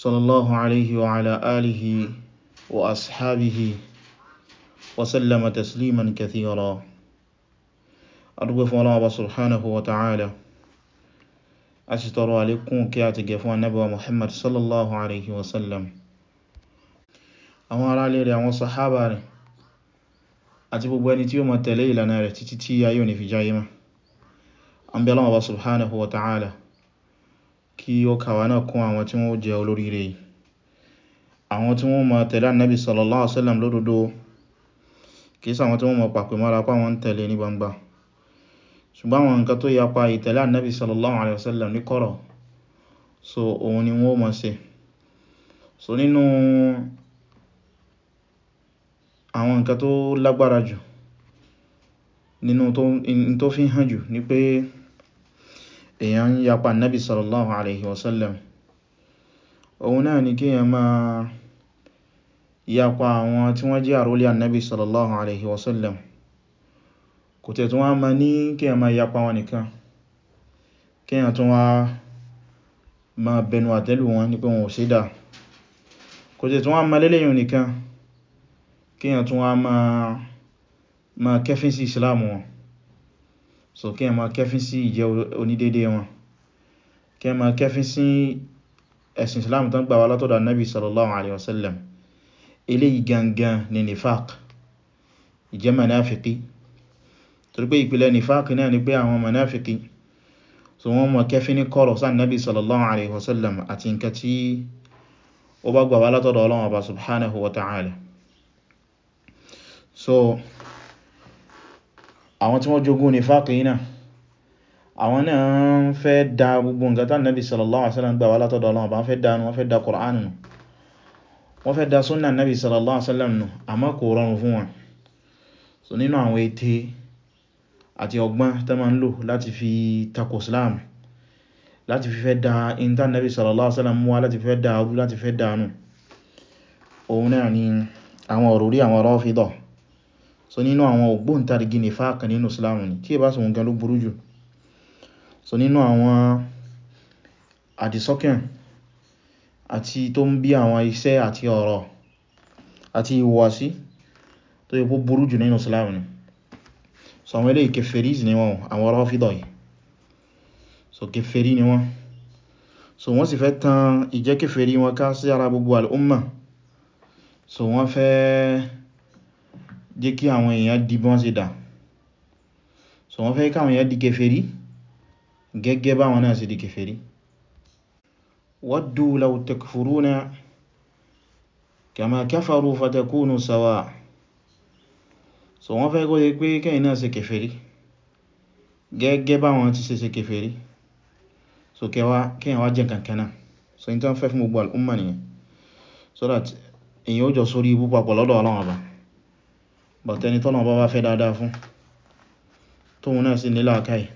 صلى الله عليه وعلى آله وأصحابه وسلم تسليما كثيرا أرغف الله سبحانه وتعالى أشتر عليكم كي أتقفوا النبوة محمد صلى الله عليه وسلم أمار علي رأى وصحابة رأى àti تيوم التليل نارة تتيا يوني في جائمة rẹ̀ الله سبحانه وتعالى kí ó kàwa náà kún àwọn tí wọ́n jẹ́ olóríire yìí àwọn tí wọ́n máa tẹ̀lé annabi sallallahu alaihi wasallam lódodo kìí ṣàwọn tí wọ́n máa pàpè mọ́ra pa wọ́n tẹ̀lé ní gbangba ṣùgbọ́n àwọn nǹkan tó yapa ìtẹ̀lé annabi sallallahu alaihi wasallam ní kọ̀rọ̀ so òun ni wọ́n so nínú àwọn nǹkan tó lágbára jù nínú tó ni pé èyàn ń yapa nabi sallallahu alaihi wasallam òun náà ni kí èyàn máa yapa àwọn tí wọ́n jẹ́ àrólé annabi sallallahu alaihi wasallam kò tẹ̀ tún wá ma ní kí èyàn máa yapa wọn nìkan kí èyàn tún wá ma bẹnu àtẹ́lù wọn ní wọn ò sí dáa kò tẹ̀ tún ma lélẹ́yìn ma kẹfín sí islam wọn so kí ẹ ma kẹfín sí ìjẹ́ onídédé wọn kí ẹ ma kẹfín sí ẹ̀sìn islam tán gbà wá látọ̀dọ̀ annabi sallallahu alaihi wasallam eléyìí gangan ni nifaq ìjẹ́ manáfikí torí pé ìpìlẹ̀ nifaq náà ni pé àwọn manáfikí so wọ́n ma kẹfín ní kọ̀rọ̀ sáà annabi sallallahu alaihi wasallam àti nǹkan tí ó bá gbà wá látọ̀dọ̀ Ọlọ́run àwọn tí wọ́n jogún nífàkínà àwọn náà ń fẹ́ da gbogbo nǹkan tí Ànábì sallallahu alaihi wasallam gbà wá látọ̀dọ̀ Ọlọ́run wọ́n fẹ́ da nù wọ́n fẹ́ da Qur'an nù wọ́n fẹ́ da súnnà Ànábì sallallahu alaihi wasallam nù àmọ́ kò rọrùn fún wọn so nínú àwọn ète àti ọgbọ́n tó ma ń lò láti fi tako Islam láti fi fẹ́ so nínú àwọn ògbóǹtarìgì nífàkì nínú Islam ni tí è bá sọ nǹkan ló burú jù so nínú àwọn àdìsọ́kàn àti tó ń bí àwọn iṣẹ́ àti ọ̀rọ̀ àti ìhùwàsí tó yẹ kó burú jù nínú Islam ni so àwọn eléyìí kèfèrí ni wọ́n àwọn Rāfidah yìí so kèfèrí ni wọ́n so wọ́n sì fẹ́ jẹ́ kí àwọn èèyàn di bọ́n ṣe dà so wọ́n fẹ́ káwọn èèyàn di kèfèrí gẹ́gẹ́ báwọn náà ṣe di kèfèrí waddu law takfuruna kama kafaru fatakunu sawa so wọ́n fẹ́ kó jẹ́ pé kẹ́yìn náà ṣe kèfèrí gẹ́gẹ́ báwọn ti ṣe ṣe so kẹ́yìn jẹ́ kankan so in tán fẹ́ fún gbogbo al'umma nìyẹn so that èyàn ó jọ sórí púpapọ̀ lọ́dọ̀ Ọlọ́run Ọba but ẹni tọ́lọ̀un bá bá fẹ́ dáadáa fún tóhun náà sì ní làákàyè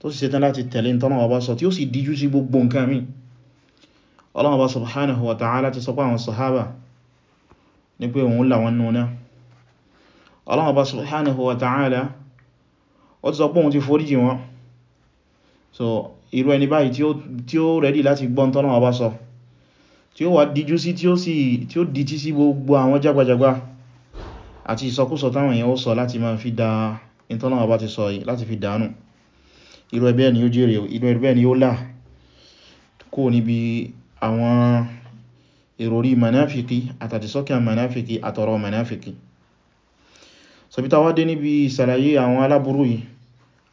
tó sì ṣetán láti tẹ̀lé tọ́lọ̀un bá sọ tí ó sì díjú sí gbogbo nǹkan mi Ọlọ́run bá subhanahu wa ta'ala ti sọ pé àwọn sahaba ní pé òun làwọn núná Ọlọ́run bá subhanahu wa ta'ala ó ti sọ pé òun ti foríjì wọn so irú ẹni báyìí tí ó rẹ̀dì láti gbọ́n tọ́lọ̀un bá sọ tí ó wà díjú sí tí ó sì tí ó dìtí sí gbogbo àwọn jagbajagba àti ìsọkúsọ táwọn èèyàn ó sọ láti máa fi dá ìtọ́nà bá ti sọ láti fi dánù irú ẹbẹ́ ni ó jèrè irú ẹbẹ́ ni ó là kó níbi àwọn ìròrí manáfikí àtàdìsọ́kẹ́ manáfikí àtọ̀rọ̀ manáfikí sọ̀bítà wá dé níbi ìsàlàyé àwọn aláburú yìí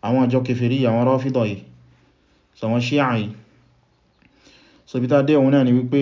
àwọn àjọ kèfèrí àwọn rọ́fídọ̀ yìí sọ̀wọ́n Ṣíà yìí sọ̀bítà dé òun náà ni wípé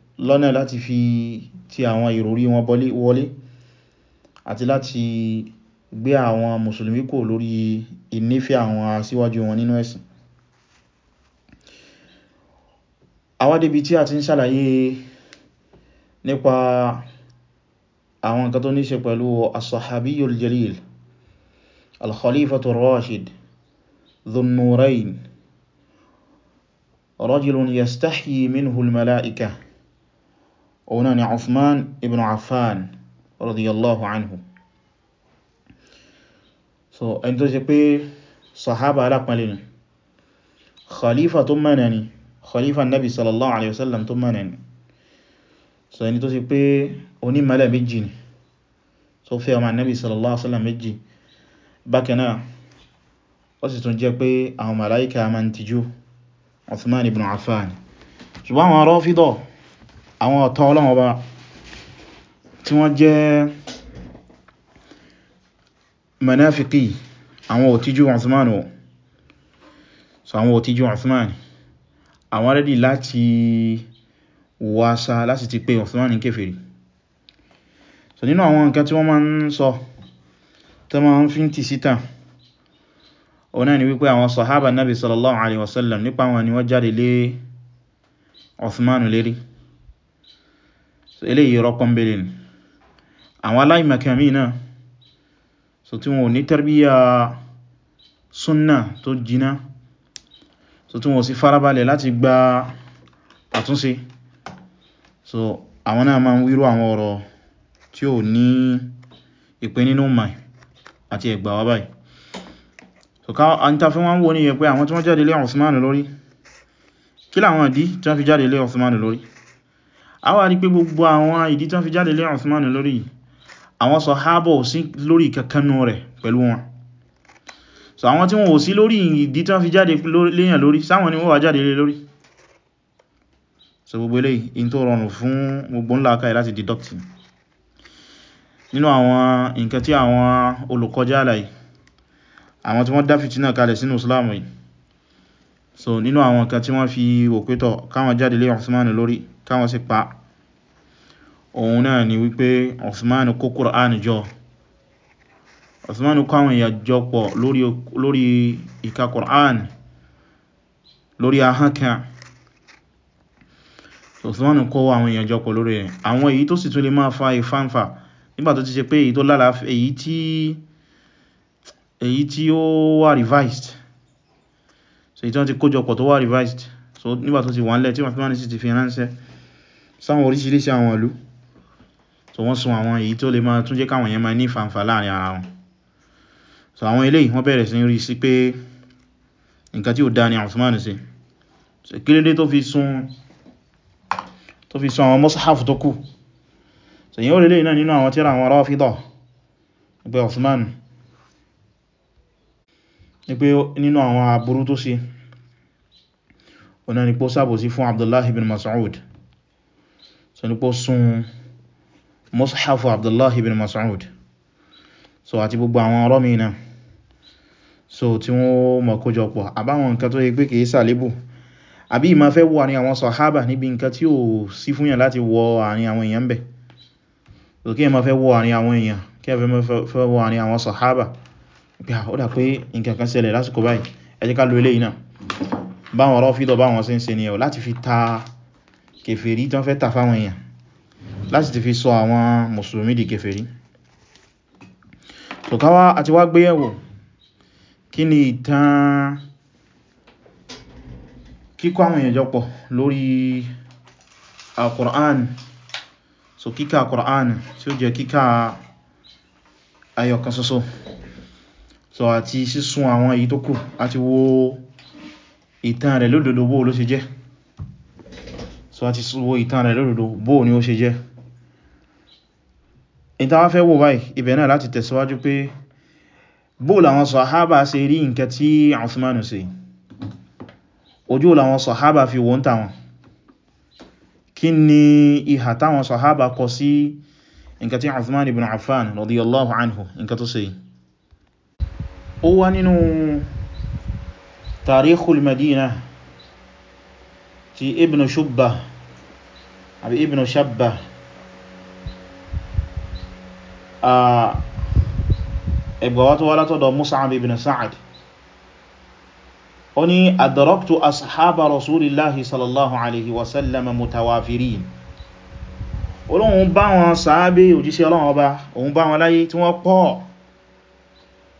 lọ́nà láti fi ti àwọn ìròrí wọn wọlé àti láti gbé àwọn mùsùlùmí kò lórí ìnífẹ́ àwọn asíwájú wọn nínú ẹ̀sìn àwa dé ibi tí a ti ń ṣàlàyé nípa àwọn nǹkan tó ní ṣe pẹ̀lú as-sahabiyyul jalil rashid dhun rajulun yastahyi minhu al-mala'ika òun náà ni Uthman ibn Affan radiyallahu anhu so ẹni tó ṣe pé sahaba alápàálẹ̀ ni khalifa tó mẹ́nà ni khalifa nabi sallallahu alaihi wasallam tó mẹ́nà ni so ẹni tó ṣe pé onímọ̀lẹ̀ méjì ni tó fẹ́ ọmọ nabi sallallahu alaihi wasallam méjì bákanáà ó sì tún jẹ́ pé àwọn màláíkà máa ń tijú Uthman ibn Affan ṣùgbọ́n àwọn Rafida àwọn ọ̀tá Ọlọ́run Ọba tí wọ́n jẹ́ manáfikí àwọn òtíjú Uthman o so àwọn òtíjú Uthman àwọn rẹ́dì láti wáṣá láti ti pé Uthman ní kèfèrí so nínú àwọn nǹkan tí wọ́n máa ń sọ tó máa ń fi ń tì síta òun náà ni wípé àwọn sàhábà Nabi sallallahu alaihi wasallam nípa wọn ni wọ́n jáde lé Uthman lérí so eléyìí irọ́ pọ́nbélé ni àwọn aláìmọ̀kan míì náà so tí wọn ò ní tarbiyya súnnà tó jiná so tí wọn ò sì farabalẹ̀ láti gba àtúnṣe so àwọn náà máa ń wíró àwọn ọ̀rọ̀ tí ò ní ìpé nínú mọ̀ àti ẹgbà wá báyìí so ká an ta fi wọ́n wọ́n ní yẹ pé àwọn tí wọ́n jáde lé lori. kí láwọn ìdí tí wọ́n fi jáde lé Usman Awa wá rí pé gbogbo àwọn ìdí tí wọ́n fi jáde lé Uthman lórí àwọn sàhábà ò sí lórí kankanú rẹ̀ pẹ̀lú wọn so àwọn tí wọ́n ò sí lori, ìdí tí wọ́n fi jáde léyàn lórí sáwọn ni wọ́n wà jáde lé lórí so gbogbo eléyìí in tó rọrùn fún gbogbo ńlá akáyẹ láti deduct nínú àwọn nǹkan tí àwọn olùkọjá àlàyé àwọn tí wọ́n dá fìtínà kalẹ̀ sínú islamu yìí so nínú àwọn nǹkan tí wọ́n fi wò pé tọ̀ káwọn jáde lé Uthman lórí káwọn sì pa òun náà ni wípé Osman kó Kùránì jọ Osman kó àwọn èèyàn jọ pọ̀ lórí ìka Kùránì lórí ahánkan Osman kó àwọn èèyàn jọ pọ̀ lórí rẹ̀ àwọn èyí tó sì tún lè máa fa ìfánfà nígbà tó ti ṣe pé èyí tó lálàáfẹ́ èyí tí ó wà revised so èyí tí wọ́n ti kójọpọ̀ tó wà revised so nígbà tó ti wà nílẹ̀ tí wọ́n fi máa ní sí ti fi ránṣẹ́ sáwọn oríṣìíríṣìí àwọn ìlú so wọ́n sún àwọn èyí tó lè máa tún jẹ́ káwọn èèyàn máa ní fàǹfà láàrin ara wọn so àwọn eléyìí wọ́n bẹ̀rẹ̀ sí rí sí pé nǹkan tí ó dá ní Uthman sí so kí ló dé tó fi sún tó fi sún àwọn mọ́sáhàfù tó kù so yíò lélẹ̀ náà nínú àwọn tíra àwọn Rāfidah pé Uthman ni pé nínú àwọn aburú tó ṣe ọ̀nà ni pé ó ṣàbòsí fún Abdullah bin Mas'oud so ní pó sún mushafu abdullahi ibn mas'ud so àti gbogbo àwọn ọ̀rọ̀ mi náà so tí wọ́n mọ̀ kójọpọ̀ àbáwọn nǹkan tó yẹ pé kìí sàlébù àbí ìmá fẹ́ wọ àrin àwọn sàhábà níbi nǹkan tí ò sí fún yàn láti wọ àrin àwọn èèyàn bẹ̀ so kí ẹ ma fẹ́ wọ àrin àwọn èèyàn kí ẹ fẹ́ wọ àrin àwọn sàhábà pé ó dà báwọn Ràfídà ń ṣe ni ẹ̀ láti fi ta kèfèrí tán fẹ́ tà fáwọn èèyàn láti ti fi sọ àwọn mùsùlùmí di kèfèrí so káwá àti wá gbéyẹ̀wò kí ni ìtàn kíkọ àwọn èèyàn jọpọ̀ lórí al-Qur'an so kíkà al-Qur'an tí ó jẹ́ kíkà ayọ̀kan ṣoṣo so àti sísun àwọn èyí tó kù àti wo ìtàn rẹ̀ lódodo bó ló ṣe jẹ́ so àti wo ìtàn rẹ̀ lódodo bóò ni ó ṣe jẹ́ ìta wá fẹ́ wò báyìí ibẹ̀ náà láti tẹ̀síwájú pé bóò làwọn sọ̀hábà ṣe rí nǹkan tí Uthmanu ṣe ojú làwọn sọ̀hábà fi wọ́n tàwọn kí ni ìhà táwọn sọ̀hábà kọ sí nǹkan tí Uthman ibn Affan radiyallahu àbí ibn shabba ẹgbàwá tó wá látọ̀dọ̀ mus'ab ibn sa'ad ó ní adraktu ashaba rasulillahi sallallahu alaihi wasallam mutawafirin olóhun bá wọn sàábé òjíṣẹ́ Ọlọ́run ọba òun bá wọn láyé tí wọ́n pọ̀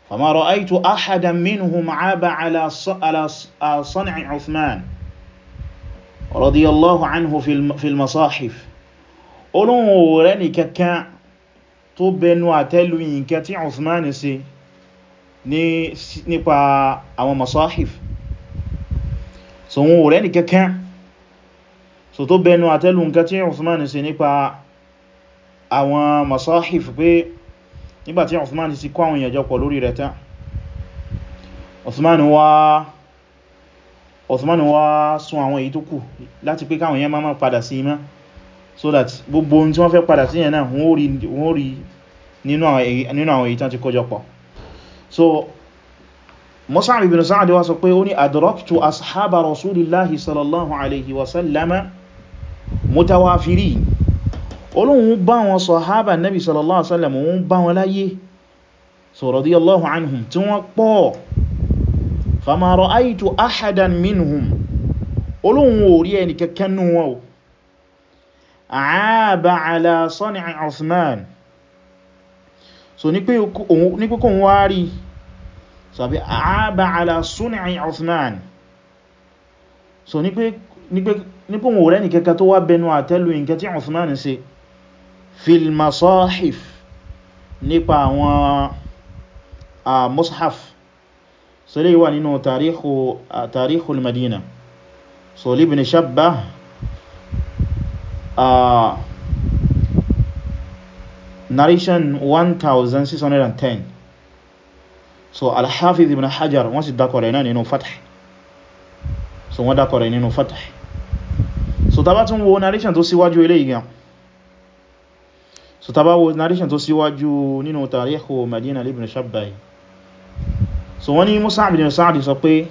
fama ra'aytu ahadan minhum 'aba ala san'i Uthman radiyallahu anhu fil masahif olóhun rẹ̀ ní kẹkàn tó bẹnu àtẹ́lù yìnkẹ́ tí Uthman ṣe nípa àwọn masahif so wọn rẹ̀ ní kẹkàn so tó bẹnu àtẹ́lù nǹkan tí Uthman ṣe nípa àwọn masahif pé nígbàtí Uthman ṣe kó àwọn èèyàn jọ pọ̀ lórí rẹ̀ tán Uthman wá wa... Uthman wá sún àwọn èyí tó kù láti pé káwọn yẹn máa máa padà sí imá so that gbogbo ohun tí wọ́n fẹ́ padà sí yẹn náà wọ́n rí nínú àwọn èyí tán ti kójọ pọ̀ so Mus'ab ibn Sa'd wá sọ pé ó ní adraktu ashaba rasulillahi sallallahu alaihi wasallama mutawafiri olóhun bá wọn sahaba nabi sallallahu alaihi wasallam wọ́n bá wọn láyé so radiyallahu anhum tí wọ́n pọ̀ fama ra'aytu ahadan minhum olóhun orí ẹni kẹkẹnu wọn o àábà ala sani'i Uthman so ní pé kò wá rí sàbí àábà ala sani'i Uthman so ní pé nípò wọ́n rẹ̀ ní kẹka tó wá bẹnu àtẹ́lù nǹkan tí Uthman ṣe fil nípa àwọn mushaf so lè wà nínú tàríkù tàríkù al-Madina so li ibn Shabbah uh, narration 1610 so al-Hafiz ibn Hajar wọ́n sì dákọ̀ rẹ̀ náà nínú Fath so wọ́n dákọ̀ nínú Fath so tá bá tún wo narration tó síwájú eléyìí gan so tá bá wo narration tó síwájú nínú tàríkù Madina li ibn Shabbah so wọ́n ní Mus'ab bin Sa'd sọ pé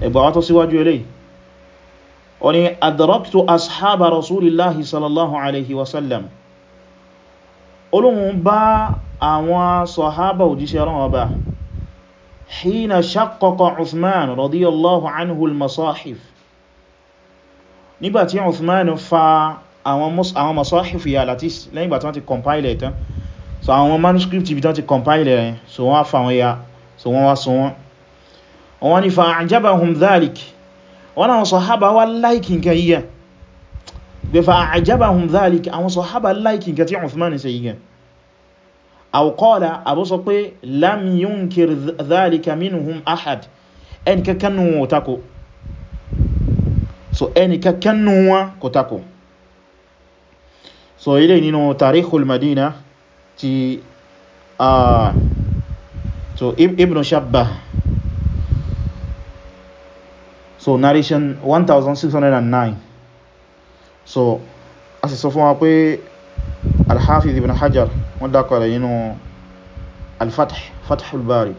ẹgbà wá tó síwájú eléyìí wọ́n ní adraktu ashaba rasulillahi sallallahu alaihi wasallam olóhun bá àwọn sọ̀hábà òjíṣẹ́ rán ọba hina shaqqa Uthman radiyallahu anhu al-masahif nígbàtí Uthman fa àwọn masahif ya latis lẹ́yìnbàtí wọ́n ti compile ẹ̀ so àwọn manuscript ibi tán ti compile so wọ́n fa wọn ya so wọ́n wá so wọ́n wọ́n ní fa'ajabahum dhalik wọ́n àwọn sọ̀hábà wá láìkì nǹkan yíyẹ gbé fa'ajabahum dhalik àwọn sọ̀hábà láìkì nǹkan tí Uthman ṣe yíyẹ aw qala àbú sọ pé lam yunkir dhalika minhum ahad ẹni kakkanu wọn tako so ẹni kakkanu wọn kò tako so ilé nínú tarikhul madina ti uh, so Ibn Shabbah so narration 1609 so a sì sọ fún wa pé al-Hafiz Ibn Hajar wọ́n dákọ̀ rẹ̀ nínú al-Fath Fathul Bari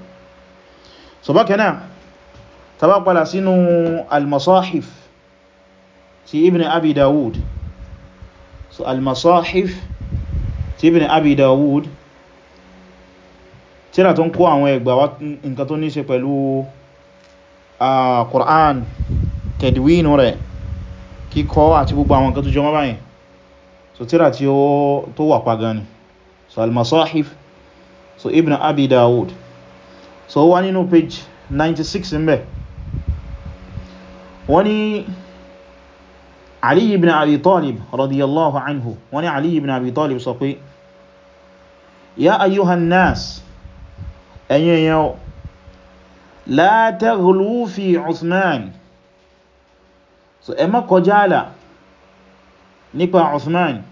so bákan náà tàbá padà sínú al-Masahif ti Ibn Abi Dawud so al-Masahif ti Ibn Abi Dawud tíra tó ń kó àwọn ẹgbà wá nǹkan tó ní ṣe pẹ̀lú Qur'an tẹ̀dìwínú rẹ̀ kíkọ́ àti gbogbo àwọn nǹkan tó jọ mọ́ báyìí so tíra tí ó tó wà pagan ni so al-masahif so ibn abi dawud so wá nínú page 96 ń bẹ̀ wọ́n ní ali ibn abi talib radiyallahu anhu wọ́n ní ali ibn abi talib sọ pé ya ayyuhan nas ẹ̀yin èèyàn la taghlu fi Uthman so ẹ má kọjá àlà nípa Uthman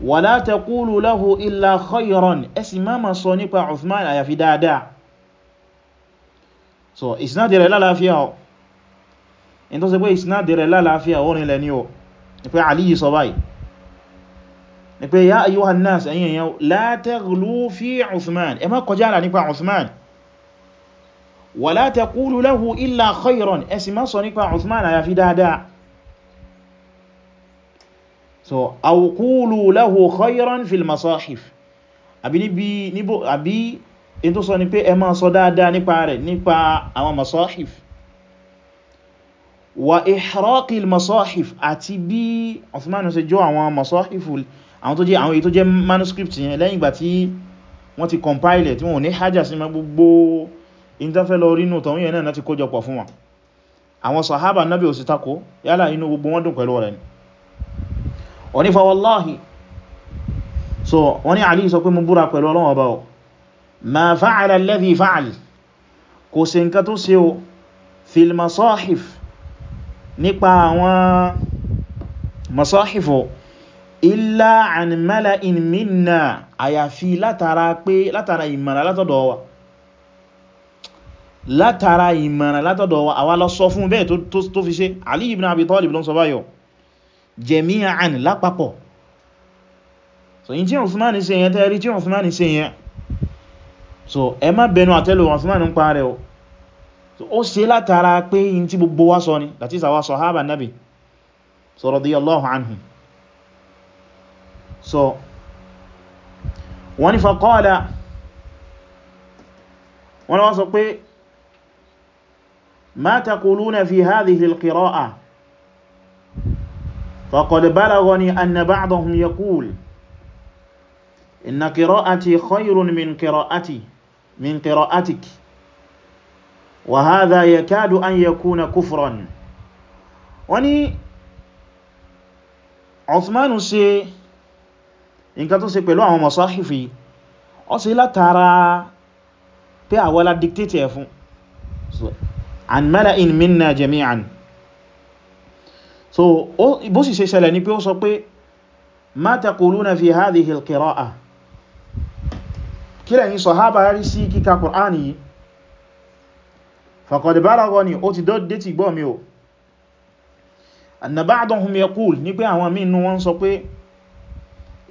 wala taqulu lahu illa khayran ẹ sì má ma sọ nípa Uthman àyàfi dáadáa so ìsìnádìí lálàáfíà ọ̀ in tó lálàáfíà orin lẹ́ni ọ̀ pé Aliyu sọ báyìí ni pé ya ayyuhan nas ẹ̀yin èyàn la taghlu fi Uthman ẹ má kọjá àlà nípa Uthman wa la taqulu lahu illa khayran ẹ sì má sọ nípa Uthman àyàfi dáadáa so aw qulu lahu khayran fil masahif àbí níbi níbo àbí in tó sọ ni pé ẹ má sọ dáadáa nípa rẹ̀ nípa àwọn masahif wa ihraqil masahif àti bí Uthman ṣe jó àwọn masahiful àwọn tó jẹ́ àwọn èyí tó jẹ́ manuscript yẹn lẹ́yìn ìgbà tí wọ́n ti compile tí wọ́n ní hajjá sí ma gbogbo ìntafẹ́lọ orínú tọ̀hún yẹn náà ti kójọpọ̀ fún wọn àwọn sàhábà náàbí òsì takò yálà inú gbogbo wọn dùn pẹ̀lú rẹ̀ ni wọ́n ní fa wallahi so wọ́n illa an mala'in minna àyàfi látara pé látara ìmọ̀rà látọ̀dọ̀ wa látara ìmọ̀rà látọ̀dọ̀ wa àwa lọ sọ fún bẹ́ẹ̀ tó fi ṣe Ali ibn Abi Talib ló ń sọ báyọ̀ jami'an lápapọ̀ so yin tí Uthman ṣe yẹn tẹ́rí tí Uthman ṣe so ẹ má bẹnu àtẹ́lù so ó ṣe látara pé tí gbogbo wa sọ ni that is àwa sahaba nabi so radiyallahu anhum so wọ́n ní faqala wọ́n wá sọ pé ma taquluna fi hadhihi al-qira'ah faqad balaghani anna ba'dahum yaqul inna qira'ati khayrun min qira'ati min qira'atik wa hadha yakadu an yakuna kufran wọ́n ní Uthmanu ṣe nǹkan tó ṣe pẹ̀lú àwọn mọ̀sáhìfì ó ṣe látara pé àwọlá dictate ẹ̀ fún an mala'in minna jami'an so bó sì ṣe ṣẹlẹ̀ ni pé ó sọ pé ma taquluna fi hadhihi al-qira'ah kílẹ̀ yìí sọ̀hábà rí sí kíkà Kùránì yìí faqad balaghani ó ti dọ́dé ti gbọ́ mi o anna ba'dahum ní pé àwọn mínú wọn sọ pé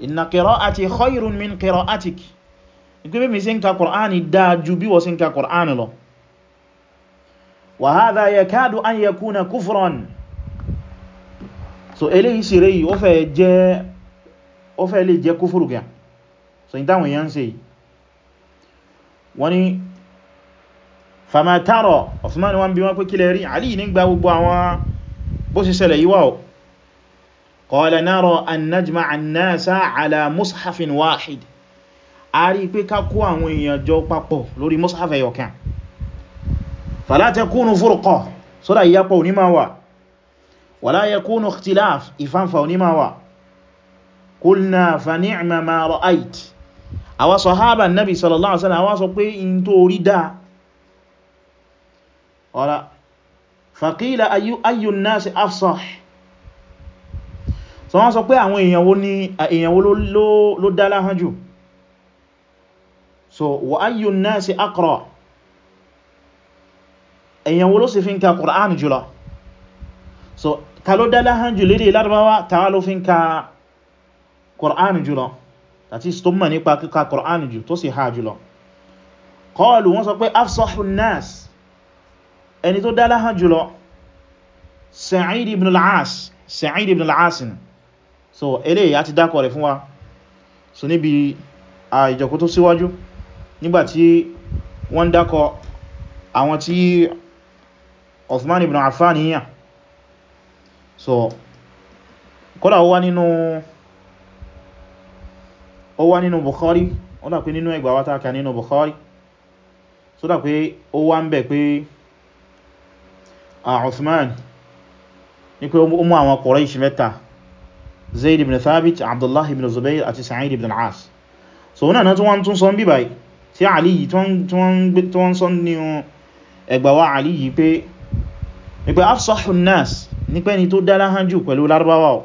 inna qira'ati khayrun min qira'atik ìgbébé mi sí ń ka Qur'ani dájú bí wọ́n sí ń ka Qur'ani lọ wa hadha yakadu so eléyìí sí rèyí ó fẹ́ jẹ́ ó fẹ́ lè so ní táwọn èèyàn ṣe wọ́n ni famataro Osman wọ́n bí wọ́n pé kílẹ̀ rí Àlì ní gba gbogbo àwọn bó sì ṣẹlẹ̀ yíwá o قال نرى أن نجمع الناس على مصحف واحد a rí pé ká kó àwọn èèyàn jọ papọ̀ lórí mushaf ẹyọkan fala takunu furqa sọ́dá ìyapa òní máa wà wala yakunu ikhtilaf ìfánfà òní máa wà qulna fa ni'ma ma ra'ayt àwa sahaba nabi sallallahu alaihi wasallam àwa sọ pé in tó rí dá ọ̀rá faqila ayyu an-nasi afsah so wọ́n sọ pé àwọn èèyàn wo ló dá láhán jù so wa ayyu an-nasi aqra èèyàn wo ló sì fi ń ka Qur'an jùlọ so ta ló dá láhán jù lédè Lárúbáwá ta ló fi ń ka Qur'an jùlọ àti tó mọ̀ nípa kíka Qur'an jù tó sì ha jùlọ qalu wọ́n sọ pé afsahun nas ẹni tó dá láhán jùlọ Sa'id ibn al Sa'id ibn al so eléyìí a ti dákọ̀ rẹ̀ fún wa so níbi a ìjọkó tó síwájú nígbàtí wọ́n dákọ̀ àwọn tí Uthman ibn Affan yíyà so kódà ó wá nínú ó wá nínú Bukhari ó dà pé nínú ẹgbà wá tàkà nínú Bukhari so dà pé ó wá ń bẹ̀ a Osman, ní pé ó mú àwọn Quraish mẹ́ta zayd ibn thabit abdullah ibn zubair àti sa'id ibn al-as so wọn náà tí wọ́n tún sọ ń bí báyìí tí àlì yìí tí wọ́n sọ ní ẹgbàwà àlì yìí pé ní pé afsahun nas ní pé ni tó dára hàn jù pẹ̀lú larabawa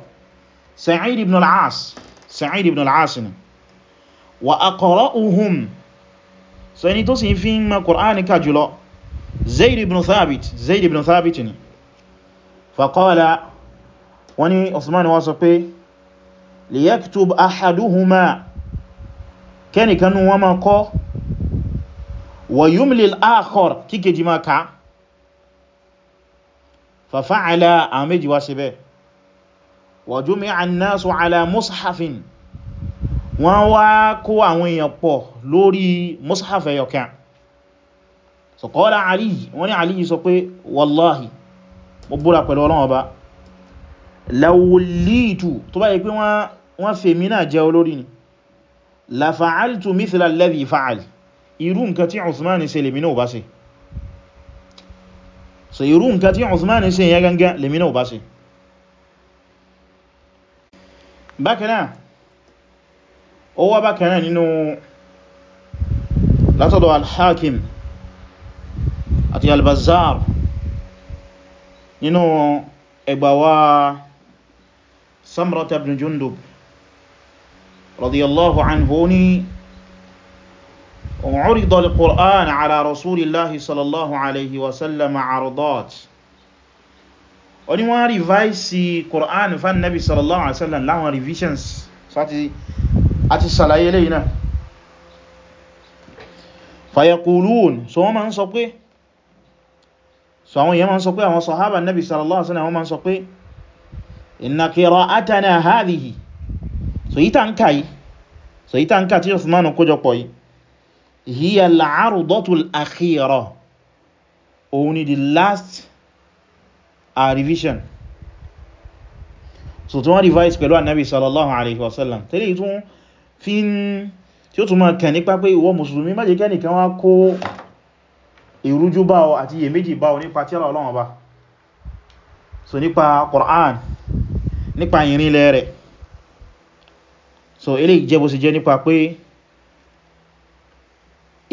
sa'id ibn al-as sa'id ibn al-as ni wa aqra'uhum so ẹni tó sì fi ń ma Qur'ani ka jùlọ zayd ibn thabit zayd ibn thabit ni faqala wani osman wá sọ pé liyaktub ahaduhuma kẹnìkanú wọn ma kọ́ wa yumli al-akhar kíkejì ma ká fa fa'ala àwọn méjì wá ṣe bẹ́ wa jumi'a an-nasu ala mushafin wọ́n wá kó àwọn èèyàn pọ̀ lórí mushaf ẹyọkan so qala Ali lawulitu tó bá yẹ pé wọ́n wọ́n fẹ́ mi náà jẹ olórí ni la fa'altu mithla alladhi fa'al irú nǹkan tí Uthman ṣe lèmi náà bá ṣe so irú nǹkan tí Uthman ṣe yẹn gangan lèmi náà bá ṣe bákanáà ó wá bákanáà nínú al-Hakim àti al-Bazzar nínú ẹgbàwà Samrata ibn Jundub رضي الله عنه عرض القرآن على رسول الله صلى الله عليه وسلم عرضات oni wọ́n revise Qur'an fan nabi sallallahu alaihi wasallam láwọn revisions àti ṣàlàyé lè náà fayaqulun so wọ́n ma ń sọ pé so àwọn èèyàn ma ń sọ pé àwọn sahaba nabi sallallahu alaihi wasallam wọ́n ma ń sọ pé inna qira'atana hadhihi so yí tánkà yí so yí tánkà tí Uthman kójọpọ̀ yí hiya al-'ardatul akhira òun the last uh, revision so tí wọ́n revise pẹ̀lú annabi sallallahu alaihi wasallam tẹ́lẹ̀ tún fi ń tí ó tún máa kàn nípa pé ìwọ mùsùlùmí má jẹ́ kẹ́nìkan wá kó ìrújú bá ọ àti iyèméjì bá ọ nípa tírà Ọlọ́run bá so nípa Qur'an nípa ìrìnlẹ̀ rẹ̀ so eléyìí jẹ́ bó ṣe jẹ́ nípa pé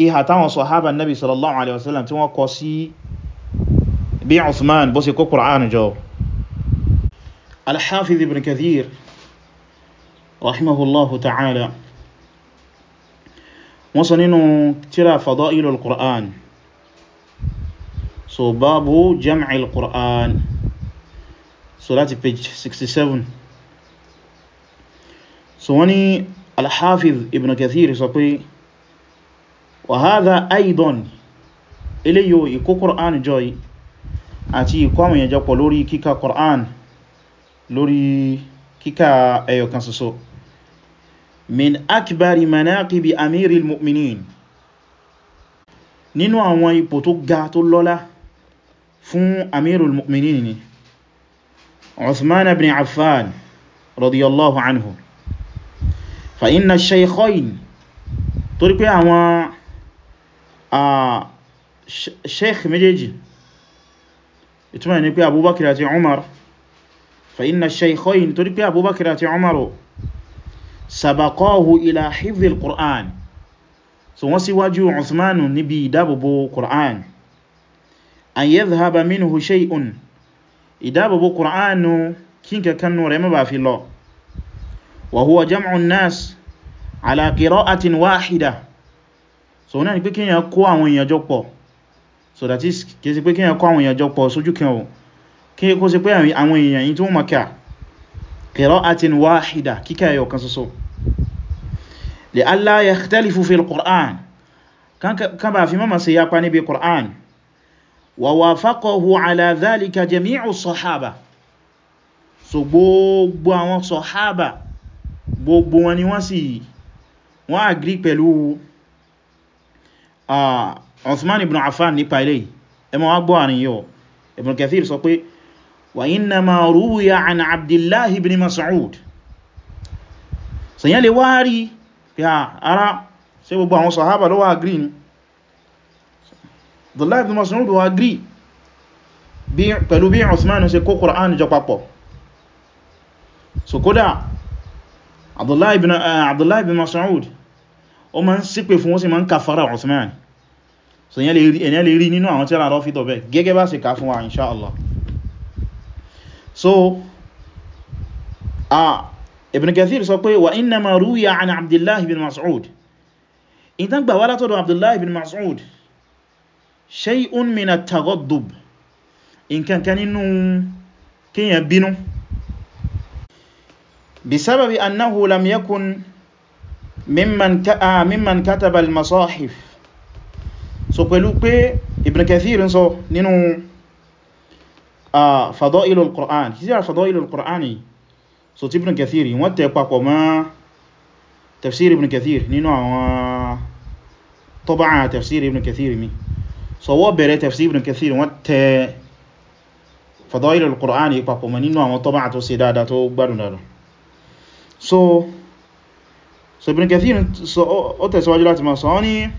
ìhà táwọn sọ̀hábà nabi sallallahu alaihi wasallam tí wọ́n kọ sí bí Uthman bó ṣe kó Qur'an jọ al-Hafiz ibn Kathir rahimahullahu ta'ala wọ́n sọ nínú tírà Fada'ilul Qur'an so babu jam'il Qur'an so láti page 67 so wọ́n ní al-Hafiz ibn Kathir sọ pé wa hadha aidan eléyò ìkó Qur'an jọ àti ìkó àwọn èèyàn jọpọ̀ lórí kíkà Qur'an lórí kíkà ẹyọkan ṣoṣo min akbari manaqibi amiril mu'minin nínú àwọn ipò tó ga tó lọ́lá fún amirul mu'minin ni Uthman ibn Affan radiyallahu anhu fa inna shaykhayn torí pé àwọn sheikh méjèèjì ìtumọ̀ ní pé abubakir àti umar fa inna shaykhayn torí pé abubakir àti umar sabaqahu ila hifdhi al-qur'an so wọ́n ṣíwájú usmanu níbi ìdábòbò qur'an an yadhhaba minhu shay'un ìdábòbò qur'anu kí nǹkan وهو جمع الناس على قراءة واحدة so náà ni pé kíyàn kó àwọn èèyàn jọ pọ̀ so that is kí sí pé kíyàn kó àwọn èèyàn jọ pọ̀ sójú kan o kí kó sí pé àwọn èèyàn yìí tó maka qira'atin wahida kíkà ẹyọ kan ṣoṣo li alla yakhtalifu fil Qur'an kan ba fi mọ́mọ̀ sí yapa níbi Qur'an wa wafaqahu ala dhalika jami'u sahaba so gbogbo àwọn sahaba gbogbo wọn ni wọ́n sì wọ́n agri pẹ̀lú Uthman ibn Affan nípa ilé ẹ ma wá gbọ́ àrin yọ Ibn Kathir sọ pé wa innama ruwiya an Abdullah ibn Mas'ud sèyàn lè wá rí pé ara ṣe gbogbo àwọn sahaba ló agri ni Abdullah ibn Mas'ud wá agri pẹ̀lú bí Uthman ṣe kó Qur'an jọ papọ̀ Abdullahi ibn uh, Abdullahi ibn Mas'ud ó máa ń ṣépè fún ó sì máa ń kàfàrà Uthman so èyàn lè rí nínú àwọn tíra Rafidọ̀ bẹ́ gẹ́gẹ́ bá sì ká fún wa insha so a uh, Ibn Kathir sọ pé wa innama ruwiya an Abdullahi ibn Mas'ud ìtàn gbà wá látọ̀dọ̀ Abdullahi ibn Mas'ud shay'un min at-taghaddub nǹkan kan nínú kíyàn بسبب أنه لم يكن ممن ممن كتب المصاحف so pẹ̀lú pé Ibn Kathir ń sọ nínú Fada'ilu al-Qur'an kìí síra Fada'ilu al-Qur'an yìí so ti Ibn Kathir wọ́n tẹ papọ̀ mọ́ tafsir Ibn Kathir nínú àwọn tọ́bàá tafsir Ibn Kathir mi so wọ́n bẹ̀rẹ̀ tafsir Ibn Kathir wọ́n tẹ Fada'ilu al-Qur'an yìí papọ̀ mọ́ nínú àwọn tọ́bàá tó ṣe dáadáa tó gbádùn dáadáa so so Ibn Kathir so ó tẹ̀síwájú láti ma sọ ní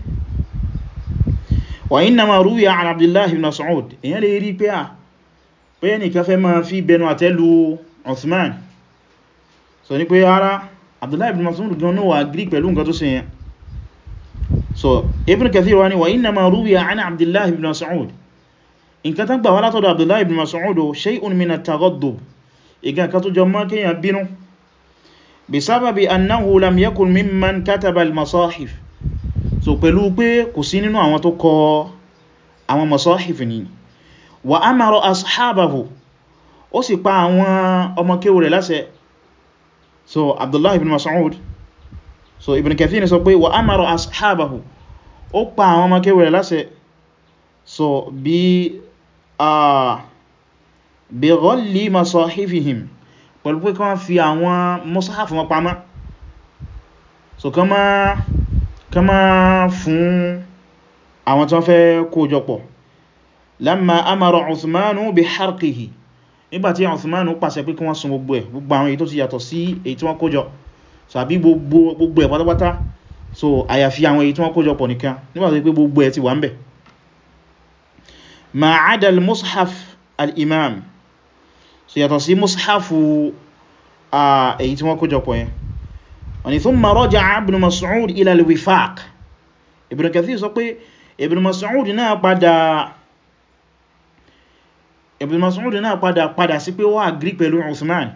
wa innama ruwiya an Abdullah ibn Mas'ud èyàn lè rí pé à pé ẹnìkan fẹ́ ma fi bẹnu àtẹ́lù Uthman so ní pé ara Abdullah ibn Mas'ud gan náà wà Greek pẹ̀lú nǹkan tó ṣe yẹn so Ibn Kathir wá ní wa innama ruwiya an Abdullah ibn Mas'ud nǹkan tán gbà wá látọ̀dọ̀ Abdullah ibn Mas'ud shay'un min at-taghaddub ìgbà kan tó jọ mọ́ kíyàn bínú bisababi annahu lam yakun mimman kataba al-masahif so pẹ̀lú pé kò sí nínú àwọn tó kọ àwọn masahif ni wa amara ashabahu ó sì pa àwọn ọmọ kéwú rẹ̀ láṣẹ so abdullah ibn mas'ud so ibn kathir so pé wa amara ashabahu ó pa àwọn ọmọ kéwú rẹ̀ láṣẹ so bi a ah, bi ghalli masahifihim pẹ̀lú pé kán fi àwọn mọ́sáàfù wọn pamọ́ so kán má fún àwọn tí wọ́n fẹ́ kójọpọ̀ lamma amara usmanu bi harqihi nígbàtí usmanu pàṣẹ pé kí wọ́n sun gbogbo ẹ̀ gbogbo àwọn èyí tó ti yàtọ̀ sí èyí tí wọ́n kójọ so àbí gbogbo ẹ̀ pátápátá so àyàfi àwọn èyí tí wọ́n kójọ pọ̀ nìkan nígbàtí pé gbogbo ẹ̀ ti wà ń bẹ̀ ma'adal mushaf al-imam so yàtọ̀ sí mushafu èyí tí wọ́n kó jọpọ̀ yẹn wọ́n ni thumma raja'a ibn Mas'ud ila al-wifaq Ibn Kathir sọ pé Ibn Mas'ud náà padà Ibn Mas'ud náà padà padà sí pé wọ́n agrí pẹ̀lú Uthman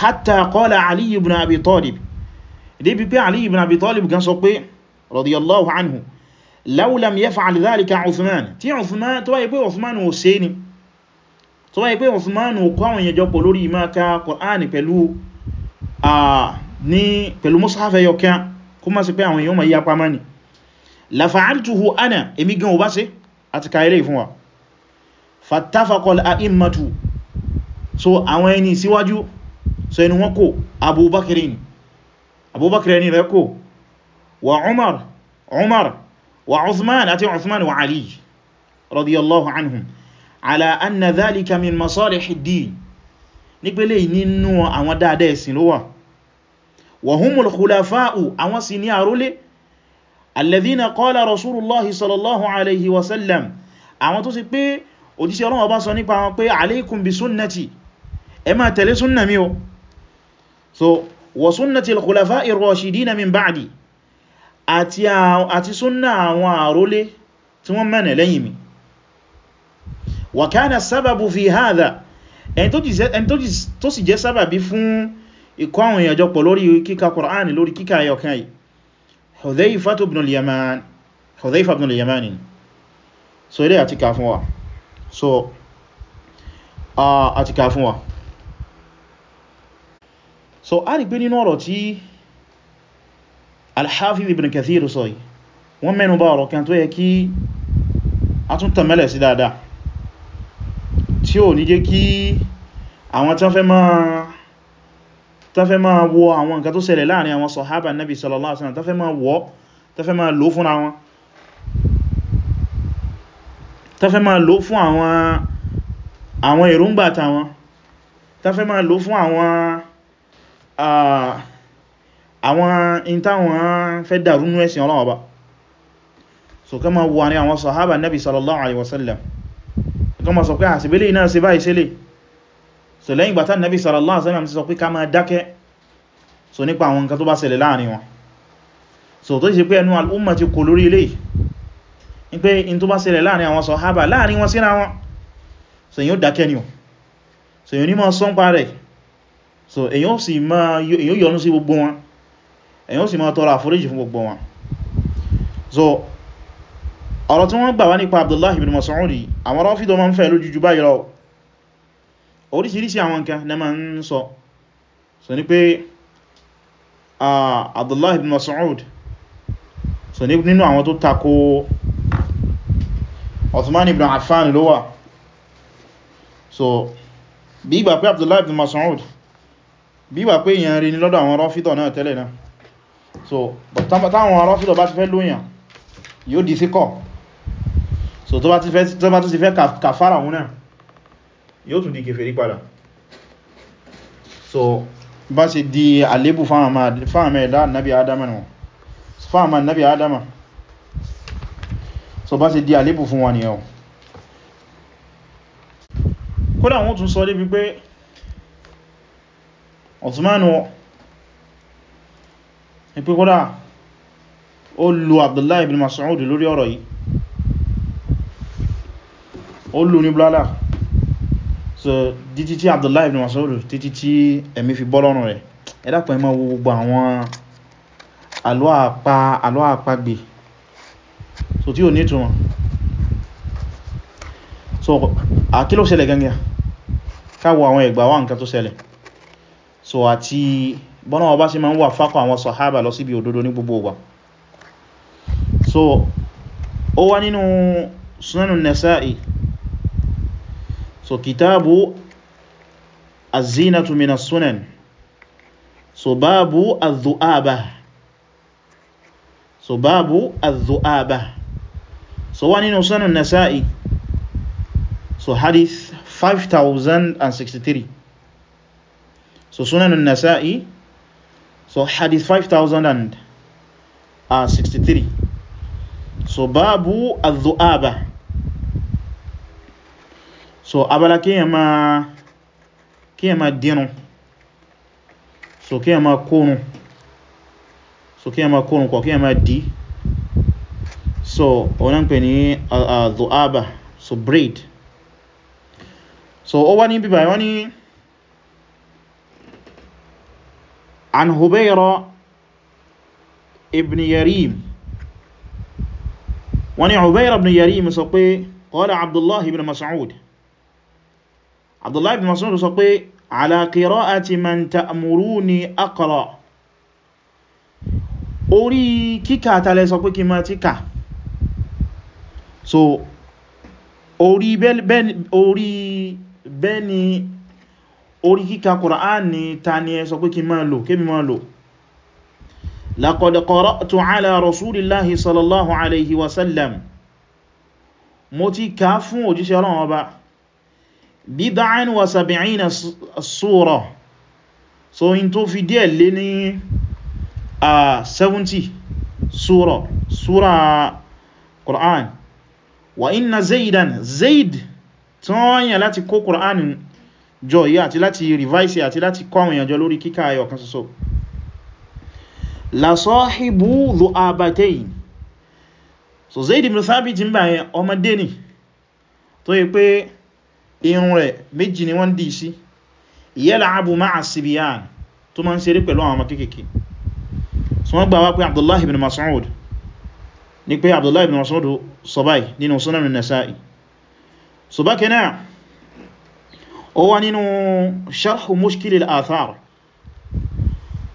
hatta qala Ali ibn Abi Talib débi pé Ali ibn Abi Talib gan sọ pé radiyallahu anhu law lam yaf'al dhalika Uthman tí Uthman tó wáyé pé Uthman ò ṣe ni tó wáyé pé Usmanu kó àwọn èèyàn jọpọ̀ lórí ìmá ka Kùránì pẹ̀lú ní pẹ̀lú mushaf ẹyọ kan kó má sí pé àwọn èèyàn ma yíya pamá ni la fa'altuhu ana èmi gan ò bá ṣe àti ka ilé ìfún wa fattafaqal a'immatu so àwọn ẹni síwájú so ẹni wọn kò abubakirin abubakirin rẹ kò wa umar umar wa uthman àti uthman wa ali radiyallahu anhum على anna ذلك من مصالح الدين. ní pé lèyí nínú àwọn dáadáa ẹ̀sìn ló wà wa humul khulafa'u àwọn sì ní àrólé alladhina qala rasulullahi sallallahu alaihi wasallam àwọn tó sì pé òjíṣẹ́ Ọlọ́run ọba sọ nípa wọn pé alaikum bi sunnati ẹ máa tẹ̀lé sunna mi o so wa sunnati al-khulafa'i ar-rashidina min ba'di àti sunna àwọn àrólé tí wọ́n mẹ́nà lẹ́yìn mi wa kana sababu fi hadha ẹni tó sì jẹ́ sábàbí fún ikọ́ àwọn èèyàn jọpọ̀ lórí kíkà Qur'an lórí kíkà ayọ̀kan yìí Hudhayfa ibn al-Yaman Hudhayfa ibn al-Yamani so ilé àti kà fún wa so àti kà fún so a rí pé nínú ọ̀rọ̀ tí al-Hafiz ibn Kathir sọ yìí wọ́n mẹ́nu bà ọ̀rọ̀ kan tó yẹ kí a tún tàmẹ́lẹ̀ sí dáadáa tí ó ní jẹ́ kí àwọn tán fẹ́ máa wo àwọn nǹkan tó ṣẹlẹ̀ láàrin àwọn sọ̀hábà nabi sallallahu alaihi wasallam tán fẹ́ máa wọ́ tán fẹ́ máa lò fún àwọn tán fẹ́ máa lò fún àwọn èròǹgbà tàwọn tán fẹ́ máa lò fún àwọn àwọn intáwọn fẹ́ dàrú nú ẹ̀sìn Ọlọ́run Ọba so kama wà ní àwọn sọ̀hábà nabi sallallahu alaihi tó ma sọ pé àṣìbílẹ̀ iná sí báyìí sílẹ̀ so lẹ́yìn gbàtà nàbí sallallahu alaihi wasallam ti sọ pé ká máa dákẹ́ so nípa àwọn nǹkan tó bá ṣẹlẹ̀ láàrin wọn so tó ṣe pé ẹnu al'umma ti kò lórí ilé ní pé in tó bá ṣẹlẹ̀ láàrin àwọn sàhábà láàrin wọn síra wọn so èyàn dákẹ́ ni o so èyàn ní máa sọ́n pa rẹ̀ so èyàn sì máa yọ́nú sí gbogbo wọn èyàn sì máa tọrọ àforíjì fún gbogbo wọn so ọ̀rọ̀ tí wọ́n gbà wá nípa Abdullahi ibn Mas'ud àwọn Rāfidah ma ń fẹ́ lójújú báyìí lọ oríṣiríṣi àwọn nǹkan na ma ń sọ so ní pé Abdullahi ibn Mas'ud so nínú àwọn tó tako Uthman ibn Affan ló wà so bí ìgbà pé Abdullahi ibn Mas'ud bí ìgbà pé èèyàn rí ní lọ́dọ̀ àwọn Rāfidah náà tẹ́lẹ̀ náà so táwọn Rāfidah bá ti fẹ́ lóyàn yóò di síkọ̀ so tó bá ti fẹ́ kàfàrà òun náà yóò tún di kèfèrí padà so bá ṣe di àlébù fáàmà ẹ̀dá nabi adama nù fáàmà nabi adama so bá ṣe di àlébù fún wa nìyàwó kódà wọ́n tún sọ débi pé ọ̀tùmánù ìpé kódà ó lu Abdullahi ibn Mas'ud lórí ọ̀rọ̀ yìí ó lù ní blálà so títí tí Abdullahi ibn Mas'ud títí tí ẹ̀mí fi bọ́ lọ́rùn rẹ̀ ẹ dákun ẹ máa wo gbogbo àwọn àlọ́ àpagbè so tí ò ní ìtumọ̀ so àkí ló ṣẹlẹ̀ gangan káwọ àwọn ẹ̀gbà wà nǹkan tó ṣẹlẹ̀ so àti bọ́nà ọba sí ma ń wà fákọ àwọn sàhábà lọ síbi òdodo ní gbogbo ọgbà so ó wá nínú Sunan Nasa'i so kitabu azina zinatu min as-sunan so babu adh aba so babu adh aba so wà nínú sunan nasa'i so hadith 5063 so sunan nasa'i so hadith 5063 so babu adh aba so abala kíyàn ma kíyàn ma dínú so kíyàn ma kónú so kíyàn ma kónú kọ̀ kíyàn ma dí so ọ̀nà ń pè ní àdùábà so braid so ó wá ní bíbá wọ́n ní عن هبيرة ابن يريم وني عبير بن يريم سقي قال عبد الله بن مسعود Abdullah ibn Mas'ud sọ pé ala qira'ati man ta'muruni aqra orí kíkà tàlẹ̀ sọ pé kí ma ti kà so orí bẹ́ni orí kíkà Qur'an ni ta ni ẹ sọ pé kí ma lò kí ma lò laqad qara'tu ala rasulillahi sallallahu alaihi wasallam mo ti kà fún òjíṣẹ́ Ọlọ́run ọba bid'an wa sab'ina sura so in tó fi díẹ̀ lé ní a 70 sura sura Qur'an wa inna zaidan zaid tí wọ́n yàn láti kó Qur'an jọ yí àti láti revise àti láti kọ́ àwọn ìyànjọ lórí kíkà ayọ̀ kan ṣoṣo la sahibu dhu'abatayn so zaid ibn thabit ń bá yẹn ọmọdé ni tó yẹ pé irun rẹ̀ méjì ni wọ́n dì sí yal'abu ma'a sibiyan tó ma ń ṣeré pẹ̀lú àwọn ọmọ kéèkéé so wọ́n gbà wá pé abdullahi ibn mas'ud ní pé abdullahi ibn mas'ud sọbáì nínú sunan nasa'i sọbá kẹ́nà ó wá nínú sharhu mushkilil athar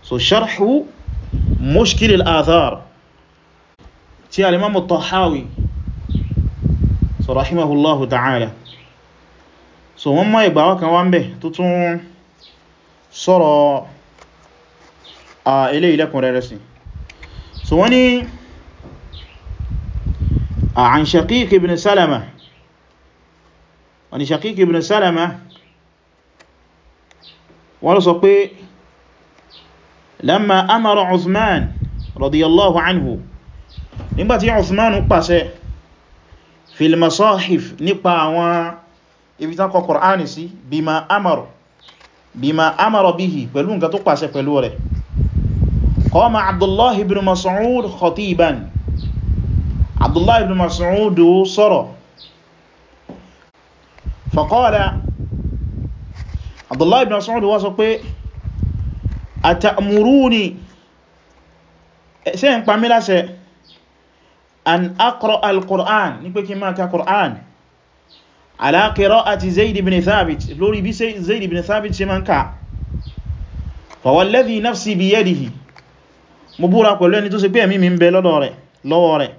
so sharhu mushkilil athar tí alimamu tahawi so rahimahullahu ta'ala so wọ́n mọ́ ìgbà wọ́n kan wá ń bẹ̀ tó tún sọ̀rọ̀ ilé ilẹ̀kùn rẹ̀ sí so wọ́n ni عن شقيق بن سلمة عن شقيق بن سلمة wọ́n sọ pé لما أمر عثمان رضي الله عنه nígbàtí Uthman pàṣẹ في المصاحف nípa àwọn ibi tán kọ Kùránì sí bima amaro bima amaro bihi pẹ̀lú nǹkan tó pàṣẹ pẹ̀lú rẹ̀ qama Abdullah ibn Mas'ud khatiban Abdullah ibn Mas'ud sọ̀rọ̀ faqala Abdullah ibn Mas'ud wá sọ pé atamuruni ṣé ń pa mí láṣẹ an aqra al ní pé kí n ka Qur'an ala qira'ati zaid ibn thabit lórí bí zaid ibn thabit ṣe ma ń ka fa walladhi nafsi biyadihi mo búra pẹ̀lú ẹni tó ṣe pé ẹ̀mí mi ń bẹ lọ́wọ́ rẹ̀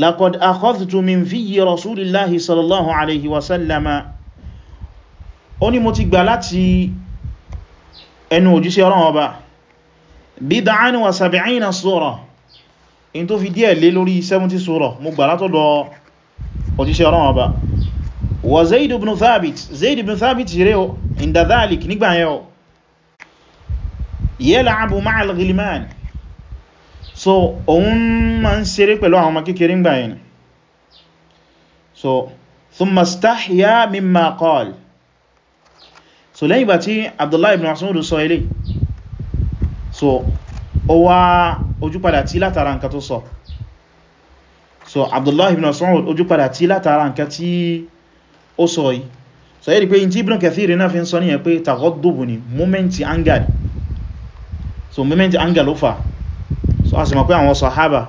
laqad akhadhtu min fiyyi rasulillahi sallallahu alaihi wasallama ó ní mo ti gbà láti ẹnu òjíṣẹ́ ọ̀rọ̀ ọba bid'an wa sab'ina sura in tó fi díẹ̀ lé lórí 70 sura mo gbà látọ̀dọ̀ òjíṣẹ́ ọ̀rọ̀ ọba wa zaid ibn thabit zaid ibn thabit jire o inda dhalik nígbà yẹn o yal'abu ma'a al-ghilman so òun ma ń ṣeré pẹ̀lú àwọn ọmọ kékeré ń so thumma stahya mimma qala so lẹ́yìn ìgbà tí abdullahi ibn mas'ud sọ ilé so ó wá ojúpadà tí látara nǹkan tó sọ so abdullahi ibn mas'ud ojúpadà tí látara nǹkan tí ó sọ yìí so yẹ́ di pé in tí Ibn Kathir náà fi ń sọ níyẹn pé taghaddub ni momenti anger so momenti anger ló fà so a sì mọ̀ pé àwọn sahaba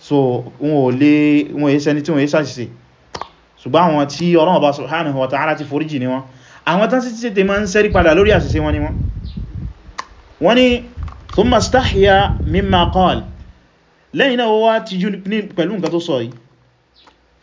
so wọn ò lè wọn èyí sẹni tí wọn èyí sàṣìṣe ṣùgbọ́n àwọn tí Ọlọ́run Ọba subhanahu wa ta'ala ti foríjì ni wọn àwọn tán sí sọ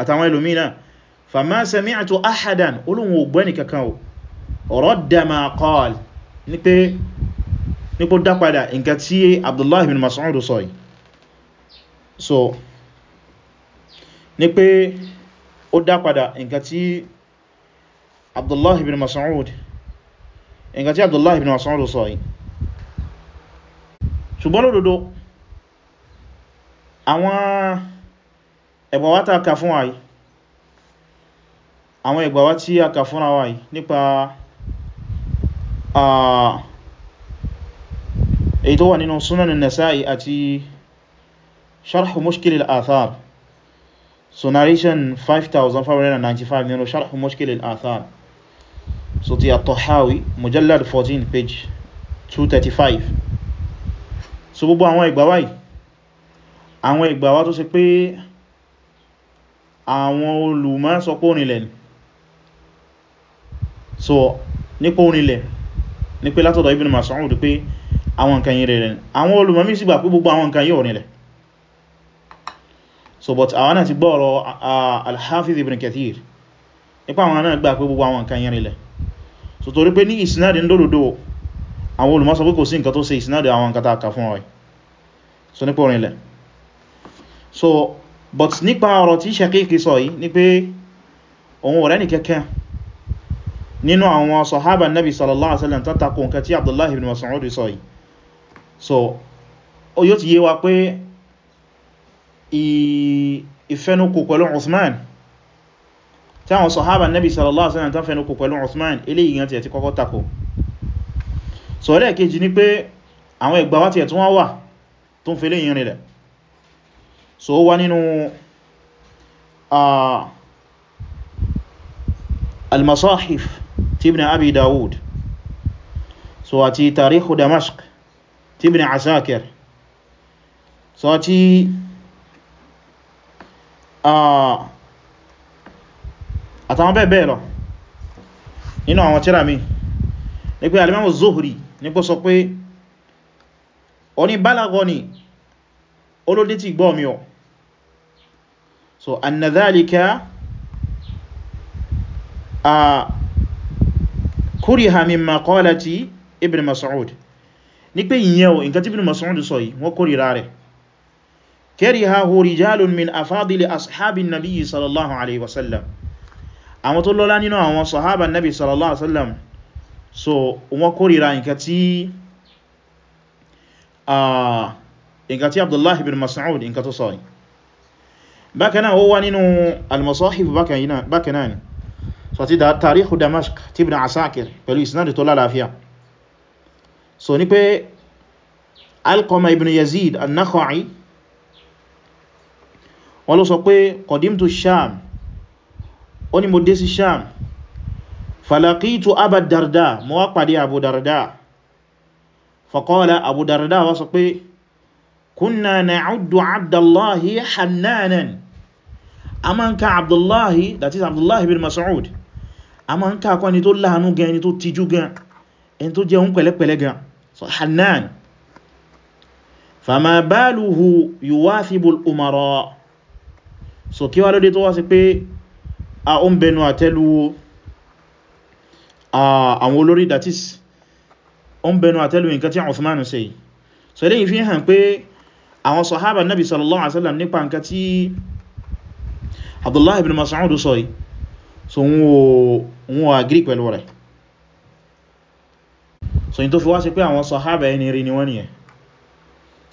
àtàwọn ẹlòmínà fama sami'tu ahadan olóhun ògbẹ́ni kankan o radda ma qal ní pé nípo dápadà nǹkan tí abdullahi bin mas'ud sọ yìí so ní pé ó dápadà nǹkan tí abdullahi bin mas'ud nǹkan tí abdullahi bin mas'ud sọ yìí ṣùgbọ́n lódodo àwọn ẹgbàwá tí a kà fún àyí àwọn ẹgbàwá tí a kà fún àwáyí nípa ah, èyí tó wà nínú súnan nasa'i àti sharhu mushkilil athar so narration 5595 nínú sharhu mushkilil athar so ti at-Tahawi mujallad 14 page 235 so gbogbo àwọn ìgbàwá yìí àwọn ìgbàwá tó ṣe pé àwọn olùmọ̀ sọ pé orinlẹ̀ so nípa orinlẹ̀ ní pé látọ̀dọ̀ Ibn Mas'ud pé àwọn nǹkan yìí rẹ̀ àwọn olùmọ̀ mí sì gbà pé gbogbo àwọn nǹkan yìí orinlẹ̀ so but àwọn náà ti gbọ́ ọ̀rọ̀ al-Hafiz Ibn Kathir nípa àwọn náà gbà pé gbogbo àwọn nǹkan yìí rẹ̀ so torí pé ní ìsinádì ń dòdòdó àwọn olùmọ̀ sọ pé kò sí nǹkan tó ṣe ìsinádì àwọn nǹkan tá a kà fún ọ̀rẹ́ so nípa orinlẹ̀ so but nípa ọ̀rọ̀ tí Shaqiqi sọ yìí ni pé òun ọ̀rẹ́ ní kẹ́kẹ́ nínú àwọn sọ̀hábà nabi sallallahu alaihi wasallam tàtàkù nǹkan tí Abdullahi ibn Mas'ud sọ yìí so ó yóò ti yé wa pé ìfẹ́nukù pẹ̀lú nabi sallallahu alaihi wasallam tán fẹ́nukù pẹ̀lú Uthman eléyìí yẹn ti kọ́kọ́ tako so ẹlẹ́ẹ̀kejì ni pé àwọn ìgbà wá ti ẹ̀ so ó wá nínú al-masahif ti ibn abi dawud so àti tarihu damask ti ibn asakir so àti àtàwọn bẹ́ẹ̀ bẹ́ẹ̀ lọ nínú àwọn tírà mi ní pé alimamu zuhri ní pọ́ sọ pé oní bálagọ́ ni ti gbọ́ mi ọ̀ so anna dhalika a uh, kuriha mimma qalati ibn mas'ud ní pé ìyẹn o nǹkan tí ibn mas'ud sọ yìí wọ́n kórìíra rẹ̀ karihahu rijalun min afadili ashabin nabiyyi sallallahu alaihi wasallam àwọn tó lọ́lá nínú àwọn sahaban nabi sallallahu alaihi wasallam so wọ́n kórìíra nǹkan tí uh, nǹkan tí abdullahi ibn mas'ud nǹkan tó sọ yìí bákanáà ó wá nínú al-masahif bákanáà ni so ti da tarihu Damashq ti Ibn Asakir pẹ̀lú isnadi tó lálàáfíà so ní pé Alqama ibn Yazid an-Nakha'i wọ́n ló sọ pé qadimtu Sham ó ní mo dé sí Sham falaqitu Aba Darda mo wá pàdé Abu Darda faqala Abu Darda wá sọ pé kunna na'uddu Abdallahi hannanan a ma ń ká abdullahi that is abdullahi bin mas'ud a ma ń ká kọ́ ẹni tó láàánú gan ẹni tó tijú gan ẹni tó jẹun pẹ̀lẹ́pẹ̀lẹ́ gan so hannan fama baluhu yuwathibul umara so kí wá lóde tó wá sí pé a ó ń bẹnu àtẹ́lu àwọn olórí that is ó ń bẹnu àtẹ́lu nǹkan tí Uthman ṣe so eléyìí fi hàn pé àwọn sahaba nabi sallallahu alaihi wasallam nípa nǹkan tí Abdullah ibn Mas'ud sọ yìí so wọ́n agree pẹ̀lú rẹ̀ so yí tó fi wá sí pé àwọn sahaba ẹni rí ni wọ́n nìyẹn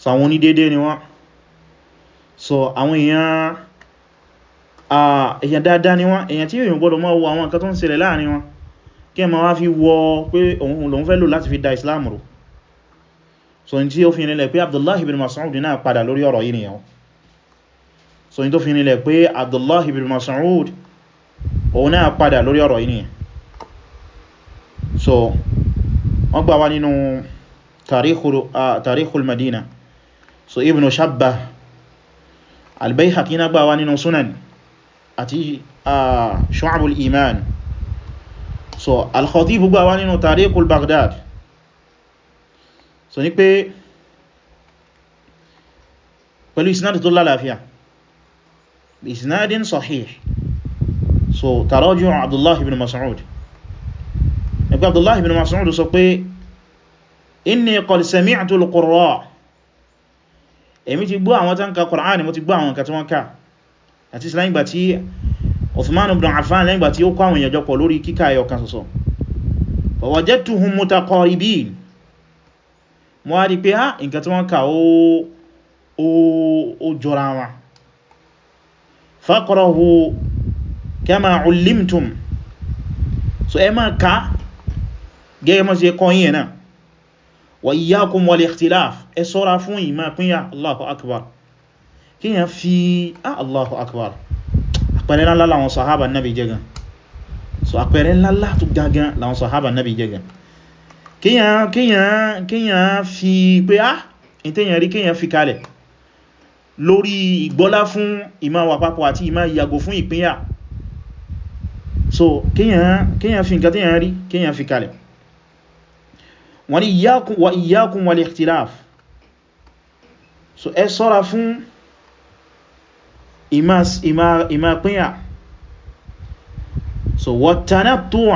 so àwọn onídédé ni wọ́n so àwọn èèyàn èèyàn dáadáa ni wọ́n èèyàn tí èèyàn gbọ́dọ̀ máa wo àwọn nǹkan tó ń ṣẹlẹ̀ láàrin wọn kí ẹ ma wá fi wọ pé òun lòun fẹ́ lò láti fi da Islam rò so ní tí ó fi nílẹ̀ pé Abdullah ibn Mas'ud náà padà lórí ọ̀rọ̀ yìí nìyẹn so in tó fi nílẹ̀ pé Abdullahi ibn Mas'ud òun náà padà lórí ọ̀rọ̀ yìí nìyẹn so wọ́n gbà wá nínú tarikhul Madina so Ibn Shabbah al-Bayhaqi náà gbà wá nínú sunan àti Shu'abul Iman so al-Khatib gbà wá nínú tarikhul Baghdad so ní pé pẹ̀lú isnad tó lálàáfíà بإسناد صحيح سو تراجع عبد الله بن مسعود يقول عبد الله بن مسعود سقي إني قد سمعت القراء èmi ti gbọ́ àwọn tán ka Qur'an mo ti gbọ́ àwọn kan tí wọ́n kà àti islam ìgbà tí Uthman ibn Affan lẹ́yìn ìgbà tí ó kọ́ àwọn èèyàn jọpọ̀ lórí kíkà ẹyọ kan ṣoṣo fa wajadtuhum mutaqaribin mo wá rí pé ha ah, faqrahu kama ullimtum so ẹ máa ká gẹ́gẹ́ mọ́ sí ẹkọ́ yìí náà wa iyyakum wal ikhtilaf ẹ ṣọ́ra fún ìmá pínyà Allahu akbar kí yẹn fi Allahu akbar àpẹẹrẹ ńlá láwọn sahaba nabi jẹgan so àpẹẹrẹ ńlá tó gagan láwọn sahaba nabi jẹgan kíyàn kíyàn fi pé á ìtẹ́yàn rí kíyàn fi kalẹ̀ lórí ìgbọ́lá fún ìmá wà papọ̀ àti ìmá ìyàgò fún ìpínyà so kíyàn fi nǹkan tíyàn rí kíyàn fi kalẹ̀ wọ́n ni wa iyyakum wal ikhtilaf so ẹ sọ́ra fún ìmá pínyà so wat tanattu'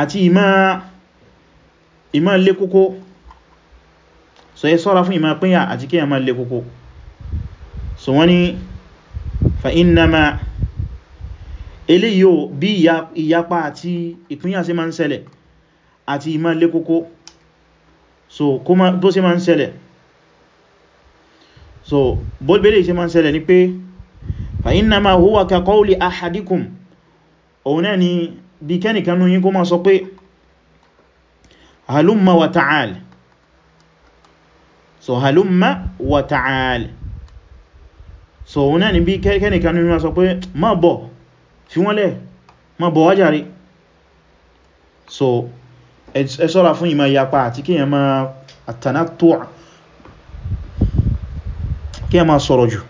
àti ìmá ìmá lékókó so ẹ ṣọ́ra fún ìmá pínyà àti kí ẹ má lè kókó so wọ́n ni fa innama eléyìí o bí ìyapa àti ìpínyà ṣe ma ń ṣẹlẹ̀ àti ìmá lè kókó so bó ṣe ma ń ṣẹlẹ̀ so bó bẹ́lẹ̀ ṣe ma ń ṣẹlẹ̀ ni pé fa innama huwa ka qawli ahadikum òun náà ni bí kẹ́nìkanú yí kó ma sọ pé halumma wa ta'ala so halumma wa ta'al so wọ́n ni bí kẹ́nìkan ní ma sọ pé ma bọ̀ fi wọ́n lẹ̀ ma bọ̀ wá jàre so ẹ ṣọ́ra fún ìmọ̀ ìyapa àti kíyàn ma àtànátọ́ kíyàn ma sọ̀rọ̀ jù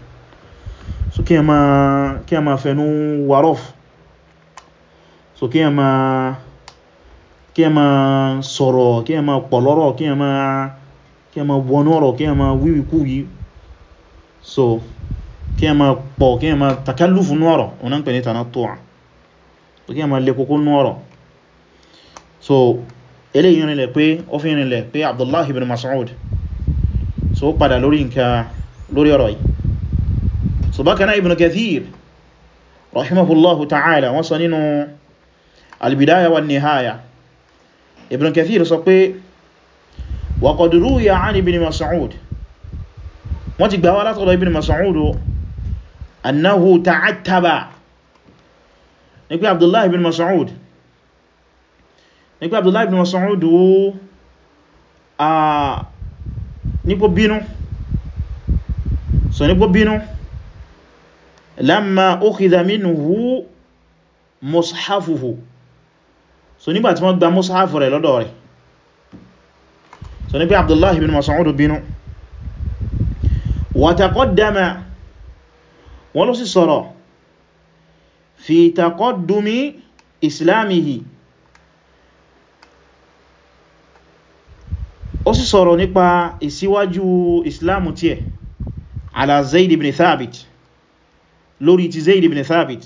so kíyàn ma kíyàn ma so kíyàn ma sọ̀rọ̀ kíyàn ma pọ̀lọ́rọ̀ kíyàn ma kí ẹ ma wọnú ọ̀rọ̀ kí ẹ ma wíwíkúwí so kí ẹ ma pọ̀ kí ẹ ma takálùfù nú ọ̀rọ̀ ọ̀nà ń pè ní tanatọ́à so kí ẹ ma lè kókó nú ọ̀rọ̀ so eléyìí rinlẹ̀ pé ó pé Abdullahi ibn Mas'ud so padà lórí ọ̀rọ̀ yìí so bákanáà ibn Kathir rahimahullahu ta'ala wọ́n sọ nínú al wa nihaya ibn Kathir sọ pé wa qad ruwiya 'an ibn Mas'ud wọ́n ti gbà wá látọ̀dọ̀ ibn Mas'ud annahu ta'attaba ní pé Abdullah ibn Mas'ud ní pé Abdullah ibn Mas'ud a nípo bínú so nípo bínú lamma ukhidha minhu mushafuhu so nígbàtí wọ́n gba mushafu rẹ̀ lọ́dọ̀ rẹ̀ so ní pé abdullahi bin mas'ud bínú wa taqaddama wọ́n ló sì sọ̀rọ̀ fi taqaddumi islamihi ó sì sọ̀rọ̀ nípa ìsíwájú islamu tí ẹ̀ ala zaid ibn thabit lórí ti zaid ibn thabit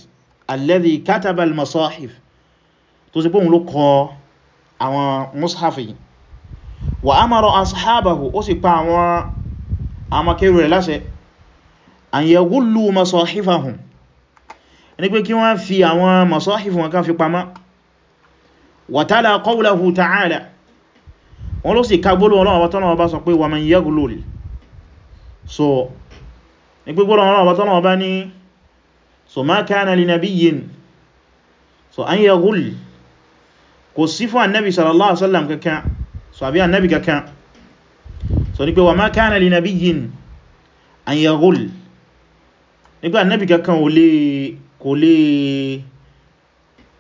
alladhi kataba al-masahif tó sì pé òun ló kọ mushafi yìí wa amara ashabahu ó sì pa àwọn amakẹrù rẹ̀ láṣẹ an yaghullu masahifahum ní pé kí wọ́n fi àwọn masahifu wọn ká fi pamọ́ wa tala qawlahu ta'ala wọ́n ló sì kagbólò ọlọ́wọ́ bá tọ́nà ọba sọ pé wa man yaghlul so ní pé gbólò ọlọ́wọ́ bá tọ́nà ọba ní so ma kana li nabiyyin so an yaghul kò sí fún annabi sallallahu alaihi wasallam kankan so àbí annabi kankan so ní pé wa ma kana li nabiyyin an yaghul ní pé annabi kankan ò lè kò lè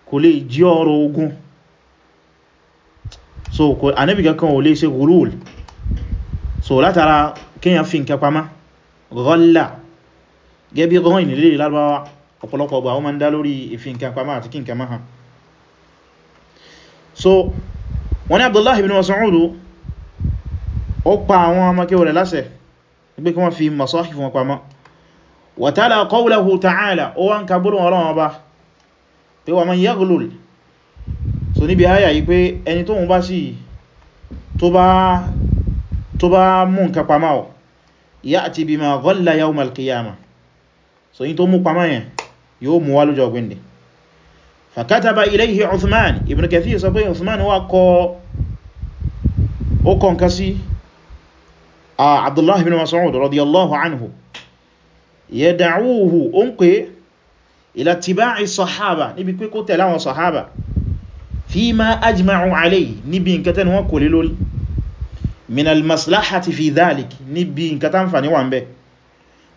kò lè jí ọrọ̀ ogun so annabi kankan ò lè ṣe ghulul so látara kíyàn fi nkẹ pamá ghalla gẹ́bí rọ́n ìnílé lárúbáwá ọ̀pọ̀lọpọ̀ ọgbà wọ́n ma ń dá lórí ìfi nkẹ pamá àti kí nkẹ máa so wọ́n ní Abdullahi ibn Mas'ud ó pa àwọn amakẹ́ rẹ̀ láṣẹ pé kí wọ́n fi masahifu wọn pamọ́ wa tala qawlahu ta'ala ó wá ń ka bọ́lọ̀ ọlọ́wọ́ bá pé wa man yaghlul so níbi ayà yìí pé ẹni tó wọ́n bá sí tó bá mú nǹkan pamọ́ ọ̀ ya'ti bima ghalla yawmal qiyamah so yí tó mú pamọ́ yẹn yóò mú wá lọ́jọ́ ọgbìndì fakataba ilayhi uthman ibn kathir sọ pé uthman wá kọ ó kọ nǹkan sí abdullahi ibn mas'ud radiyallahu anhu yad'uhu ó ń pè ila tiba'i sahaba níbi pé kó tẹ̀lé àwọn sahaba fima ajma'u alayhi níbi nǹkan tẹ́ni wọ́n kò lé lórí min almaslahati fi dhalik níbi nǹkan tánfà níwà ń bẹ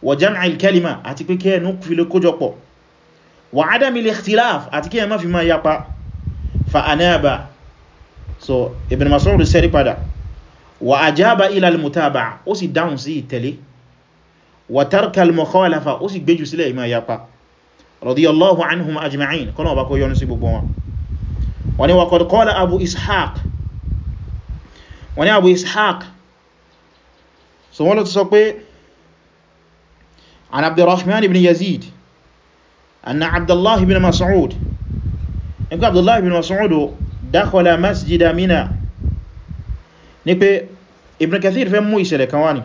wa jam'il kalima àti pé kẹ́ẹ̀nù wà ádámi al-ikhtilaf àti kí ẹ má fi máa yapa fa anaba so ibn Mas'ud sẹ́rí padà wa ajaba ila al-mutaba'a ó sì dáhùn sí ìtẹ̀lé wa tarka al-mukhalafa ó sì gbéjù sílẹ̀ yapa radiyallahu anhum ajma'in kọ́nà ọba kó yọ́nú sí gbogbo wọn wani wa qad qala abu ishaq wani abu ishaq so wọ́n lọ ti sọ pé an abdurrahman ibn yazid anna abdullahi bin mas'ud ní pé abdullahi bin mas'ud dakhala masjida mina ní pé ibn kathir fẹ́ mú ìṣẹ̀lẹ̀ kan wá ní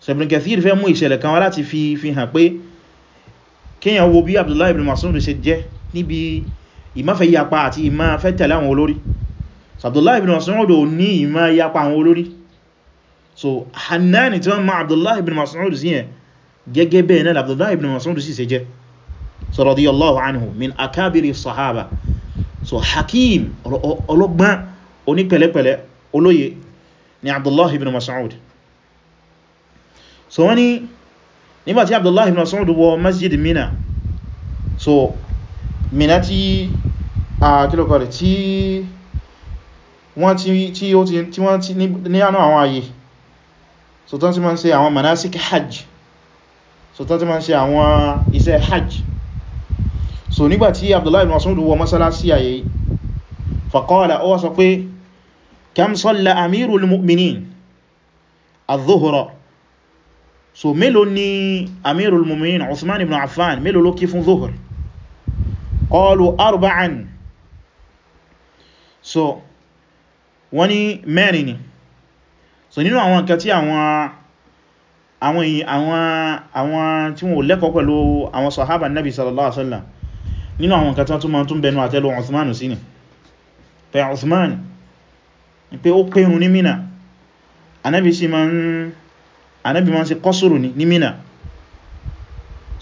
so ibn kathir fẹ́ mú ìṣẹ̀lẹ̀ kan wá láti fi fi hàn pé kíyàn wo bí abdullahi bin mas'ud ṣe jẹ́ níbi ìmáfẹ́ yapa àti ìmá fẹ́ tẹ̀lé àwọn olórí so abdullahi bin mas'ud ò ní ìmá yapa àwọn olórí so hannani tí wọ́n ma abdullahi bin mas'ud sí gẹ́gẹ́ bẹ́ẹ̀ náà Abdullah ibn Mas'ud sì ṣe jẹ́ so radiyallahu anhu min akabiri sahaba so hakim ọlọ́gbọ́n onípẹ̀lẹ́pẹ̀lẹ́ olóye ni Abdullah ibn Mas'ud so wani nígbàtí Abdullah ibn Mas'ud wọ masjid Mina so Mina tí a kílọ̀kọ̀rẹ̀ tí wọ́n tí ó ti ní àwọn àyè so tán sí ma ń ṣe àwọn manasik hajj so tó tí ma ń ṣe àwọn iṣẹ́ hajj so nígbàtí abdullahi ibn mas'ud wọ masalasi ayé faqala ó wá sọ pé kam salla amirul mu'minin adh-dhuhra so mélòó ni amirul mu'minin usman ibn affan mélòó ló kí fún dhuhr qalu arba'an so wọ́n mẹ́rin ni so nínú àwọn nǹkan àwọn àwọn tí wọ́n lẹ́kọ̀ọ́ pẹ̀lú àwọn sọ̀hábà nabi sallallahu alaihi wasallam nínú àwọn nǹkan tán tún ma tún bẹnu àtẹ́lù Uthman sí ni pé Uthman pé ó pẹ́rún ní Mina anábi sí ma ń ṣe kọ́sùrù ní Mina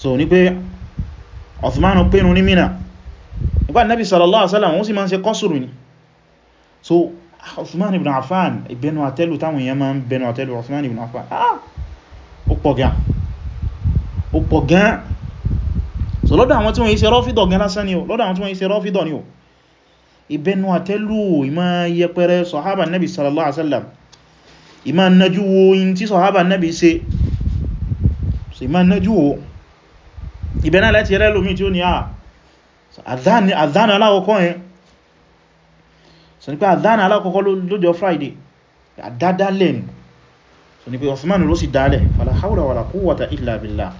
so ní pé Uthman pẹ́rún ní Mina nípa nabi sallallahu alaihi wasallam wọ́n sì ma ń ṣe kọ́sùrù ní so Uthman ibn Affan ìbẹnu àtẹ́lù táwọn èèyàn ma ń bẹnu àtẹ́lù Uthman ibn Affan ah ó pọ̀ gan ó pọ̀ gan so lọ́dọ̀ àwọn tí wọ́n yí ṣe rọ́fídọ̀ gan lásán ni o lọ́dọ̀ àwọn tí wọ́n yí ṣe rọ́fídọ̀ ni o ìbẹnu àtẹ́lù ìmọ̀ yẹpẹrẹ sọ̀hábà nẹ́bì sallallahu alaihi wasallam ìmọ̀ nájú wo in tí sọ̀hábà nẹ́bì ṣe so ìmọ̀ nájú wo ìbẹ̀ náà láti rẹ́ lómi tí ó ní àdánà ah, alákọ̀ọ́kọ́ yẹn so nípa àdánà alákọ̀ọ́kọ́ lójọ Friday àdádálẹ̀ ni so ni pé Uthman ló sì dálẹ̀ fala hawla wala quwwata illa billah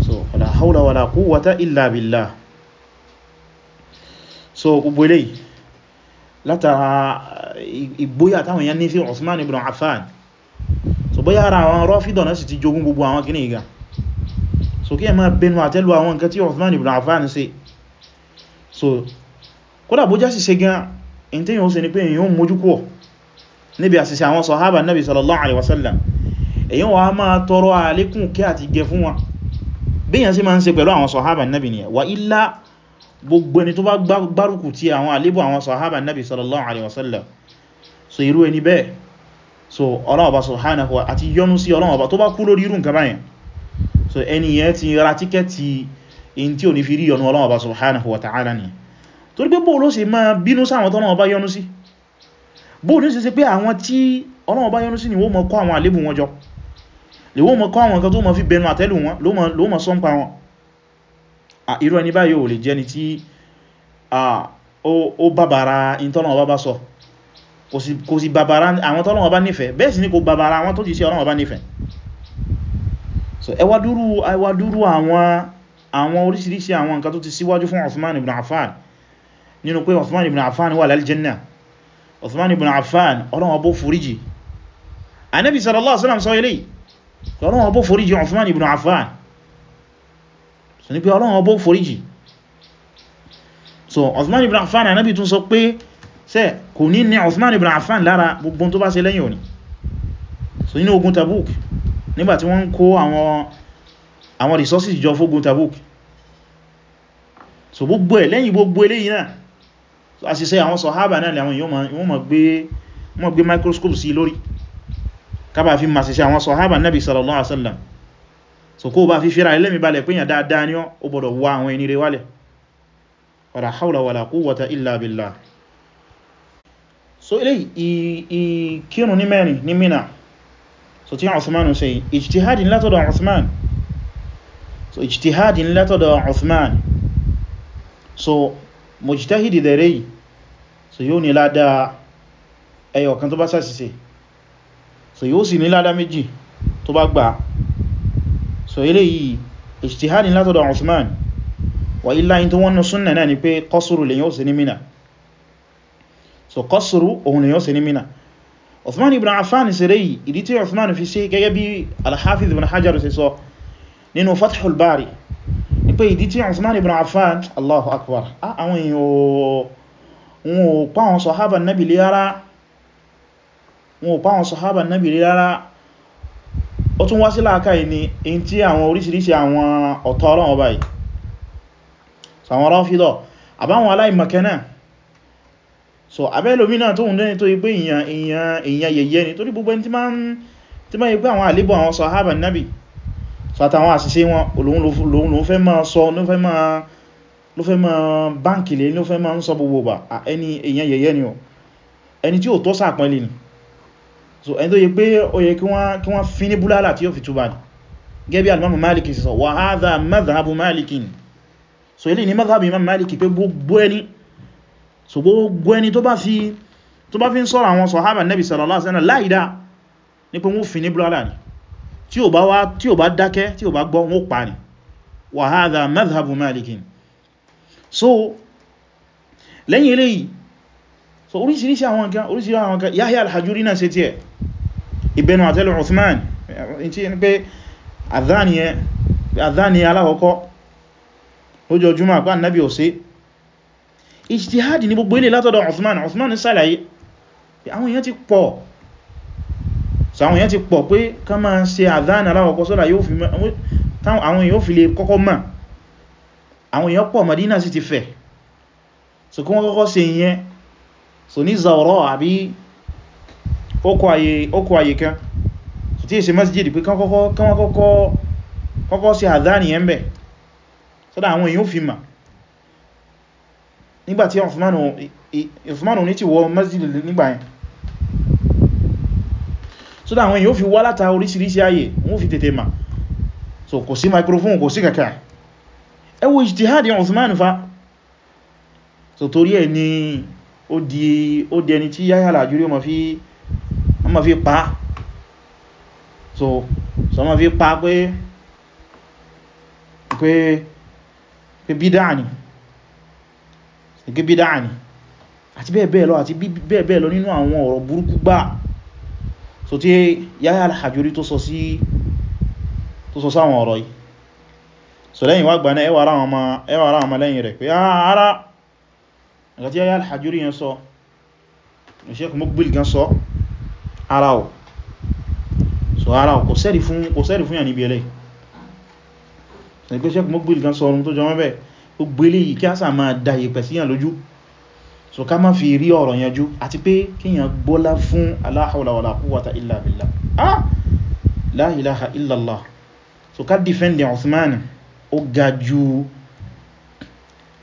so fala hawla wala quwwata illa billah so gbogbo eléyìí látara ìgbóyà táwọn èèyàn ní sí Uthman ibn Affan so bóyá ara àwọn Rafida náà sì ti jogún gbogbo àwọn kìíní ìgá so kí ẹ máa bẹnu àtẹ́lù àwọn nǹkan tí Uthman ibn Affan ṣe so kódà bó jásí ṣe gan in tí yíò ṣe ni pé èèyàn mójú níbi àṣìṣẹ́ àwọn sọ̀hábà náàbì sallallahu alaihi wasallam èyí wọ́n máa tọrọ àlékún kí àti gẹ fún wọn bí yẹn sí máa ń ṣe pẹ̀lú àwọn sọ̀hábà náàbì ni wà ilá gbogbo ẹni tó bá gbárùkù ti àwọn àlébù àwọn sọ̀hábà náàbì sallallahu alaihi so irú ẹni bẹ́ẹ̀ so ọlọ́ọ̀bá subhanahu àti yọnú sí ọlọ́ọ̀bá so ẹni yẹn ti ra tíkẹ́ẹ̀tì in tí ò ní fi rí yọnú ọlọ́ọ̀bá subhanahu wa ta'ala ni torí bóò ní ṣeṣe pé àwọn tí Ọlọ́run bá yọ́nú sí ni wọ́n mọ̀ kó àwọn àlébù wọn jọ lè wọ́n mọ̀ kó àwọn nǹkan tó mọ̀ fi bẹnu àtẹ́lù wọn ló mọ̀ sọ́npa wọn à irú ẹni báyìí ò lè jẹ́ ni tí ó bàbàrà ìtọ́lọ̀wọ́ bá sọ kò sí bàbàrà ni kò bàbàrà àwọn tó ti so ẹwàdúrú ẹwàdúrú àwọn àwọn oríṣiríṣi àwọn nǹkan tó ti síwájú fún Uthman ibn Affan nínú pé Uthman Uthman ibn Affan ọlọ́wọ́ bó foríjì Ànábì sallallahu alaihi wasallam sọ ilé ọlọ́wọ́ bó foríjì Uthman ibn Affan so ní pé ọlọ́wọ́ bó foríjì so Uthman ibn Affan Ànábì tún sọ pé sẹ́ kò ní ní Uthman ibn Affan lára gbogbo tó bá ṣe lẹ́yìn òní so nínú ogun Tabuk nígbàtí wọ́n ń kó àwọn àwọn resources so gbogbo ẹ̀ lẹ́yìn gbogbo àṣìṣe àwọn sọ̀hábà náà làwọn yóò mọ̀ gbé microscope sí lórí kábà fi màṣìṣe àwọn sọ̀hábà náà bí sallallahu alaihi wasallam so kó bá fi fíra ilẹ́mì balẹ̀ pínyà dáadáa ní ó gbọ́dọ̀ wá àwọn ẹni rẹ̀ wálẹ̀ wala hawla wala quwwata illa billah so ilé ìkírùn ní mẹ́rin ní Mínà so tí Uthman ṣe ijtihadin látọ̀dọ̀ Uthman so ijtihadin látọ̀dọ̀ Uthman so mujtahidi dẹ̀rẹ̀ yìí so yóò ní ládá ẹyọ kan tó bá ṣàṣìṣe so yóò sì ní ládá méjì tó bá gbà so eléyìí ijtihadi látọ̀dọ̀ Uthman wà ilá in tó wọ́n ní súnnà náà ni pé kọsùrù lè yóò sí ní Mina so kọsùrù ohun lè yóò sí ní Mina Uthman ibn Affan sí rẹ̀ ìdí tí Uthman fi ṣe gẹ́gẹ́ bí al ibn Hajar ṣe sọ nínú Fathul Bari ni pé ìdí tí Uthman ibn Affan Allahu akbar ah, àwọn wọn ò pa àwọn sọ̀hábà nábì lé rárá ó tún wá sí làákàyè ní in tí àwọn oríṣìíríṣìí àwọn ọ̀tọ̀ ọlọ́wọ́ báyìí sàwọn Rāfidah àbáwọn aláìmọ̀kẹ́ náà so abẹ́lòmí náà tó ń dẹ́ni tó ipé èyàn yẹ̀yẹ́ ni torí gbogbo ẹni tí máa ipé àwọn àlébọ̀ àwọn sọ̀hábà nábì so àtàwọn àṣìṣe wọn olóhun ló fẹ́ máa sọ ló fẹ́ máa ló fẹ́ máa báǹkì lè ló fẹ́ máa ń sọ gbogbo bà ẹni èyàn yẹ̀yẹ́ ni ọ ẹni tí ó tọ́ sàpọ̀ lè ní so ẹni tó yẹ pé ó yẹ kí wọ́n fi ní búlálà tí ó fi túbà ní gẹ́bí alimamu maliki sọ wa hadha madhhabu malikin so ilé ni madhhabu imam maliki pé gbogbo ẹni so gbogbo ẹni tó bá fi tó bá fi ń sọ̀rọ̀ àwọn sọ̀hábà nẹ́bì sallallahu alaihi wasallam láìdá ní pé wọ́n fi ní búlálà ní tí ò bá dákẹ́ tí ò bá gbọ́ wọ́n pa ní wa hadha madhhabu malikin so lẹ́yìn eléyìí so oríṣiríṣi àwọn nǹkan oríṣiríṣi àwọn nǹkan Yahya al-Hajuri náà ṣe tí ẹ̀ ìbẹnu àtẹ́lù Uthman tí ní pé àdáni alákọ̀ọ́kọ́ lójọ jùmọ́ àpá annabi ò sí ijtihadi ní gbogbo ilé látọ̀dọ̀ Uthman Uthman sàlàyé àwọn èèyàn ti pọ̀ so àwọn èèyàn ti pọ̀ pé ká máa ṣe àdáni alákọ̀ọ́kọ́ sọ́lá àwọn fi lè kọ́kọ́ máa àwọn èèyàn pọ̀ Madina sì ti fẹ̀ so kí wọ́n kọ́kọ́ ṣe ìyẹn so ní Zawra àbí ókò ayé kan so tí èsì masjid pé kán kọ́kọ́ sí àdáni ẹ̀ ń bẹ̀ sọ́dá àwọn èèyàn fi mà nígbàtí Uthmanu ní ti wọ masjid nígbà yẹn sọ́dá àwọn èèyàn fi wá látà oríṣiríṣi ayé wọ́n fi tètè mà so kò sí microphone kò sí kankan ẹ wo ijtihadi Uthman fa so torí ẹ̀ ni ó di ó di ẹni tí Yahya al-Ajuri ma fi ma fi pa so so ma fi pa pé pé pé bídáà ni gẹ́gẹ́ bídáà ni àti bẹ́ẹ̀ bẹ́ẹ̀ lọ àti bẹ́ẹ̀ bẹ́ẹ̀ lọ nínú àwọn ọ̀rọ̀ burúkú gbà so tí Yahya al-Ajuri tó sọ sí tó sọ sáwọn ọ̀rọ̀ yìí so lẹ́yìn wá gbaná ẹwà ara ọmọ lẹ́yìn rẹ̀ pé ah, ara ẹ̀kà tí yá alhajjúrí yẹn sọ Sheikh Muqbil gan sọ ara ọ̀ so ara ọ̀ kò sẹ́rì fún yà níbi ẹlẹ́ ẹgbẹ́ Sheikh Muqbil gan sọ ọrùn tó jọ mẹ́bẹ̀ ó gbélé yìí kí a sà máa da ìpẹ̀ síyàn lójú so ká má fi rí ọ̀rọ̀ yanjú àti pé kíyàn gbọ́lá fún la hawla wala quwwata illa billah ah la ilaha illallah so ká defend Uthman ó ga jù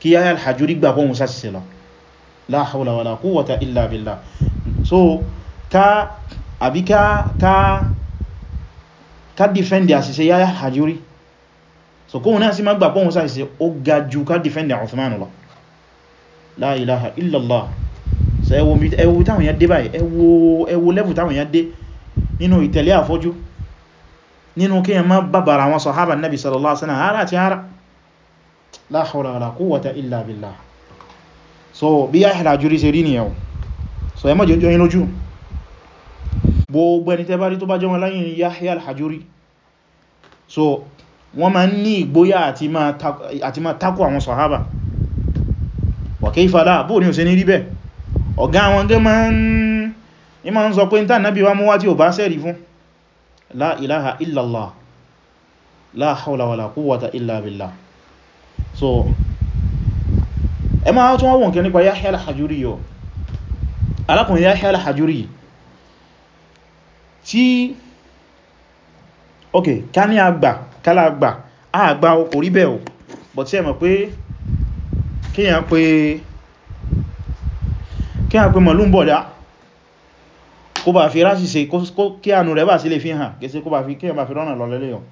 kí yáyà alhajjúrí gbà pọ̀ musa síse lọ la hawla wala quwwata illa billah so ká àbí ká ká ká dìfẹ́ndì àṣìṣe yáyà alhajjúrí so kóhun náà sí má gbà pọ̀ musa síse ó ga jù ká dìfẹ́ndì Uthman lọ la ilaha illallah so ẹwọ táwọn yá dé báyìí ẹwọ lẹ́bù táwọn yá dé nínú ìtẹ̀lé àfọ́jú nínú kí yẹn má bàbàrà àwọn sọ̀hábà nabi sallallahu alaihi wasallam hara ti hara la hawla wala quwwata illa billah so bí yá ìhìlá jùrí sí rí nìyàwó so ẹ mọ́jọ jọyìn lójú gbogbo ẹni tẹ́ bá rí tó bá jọmọ láyìn Yahya al so wọ́n ma ń ní ìgbóyà àti ma takò àwọn sọ̀hábà wa kayfa la bóò ní ò sí ní rí bẹ́ẹ̀ ọ̀gá àwọn gẹ́ ma ń sọ pé ní tàn náà mú wá tí ò bá sẹ́rì fún la ilaha illallah la hawla wala quwwata illa billah so ẹ máa tún wọ́n nǹkan nípa Yahya al-Hajuri yọ alákùnrin Yahya al-Hajuri tí ok ká ní àgbà kálá àgbà àgbà kò rí bẹ́ẹ̀ o but tí ẹ mọ̀ pé kíyàn pé kíyàn pé mọ̀lúmbọ̀dá kó bá fi ráṣì se kí ànú rẹ̀ bá sí lè fi hàn kẹsẹ kó bá fi kíyàn bá fi rọ́nà lọ́lẹ́lẹ́ yàn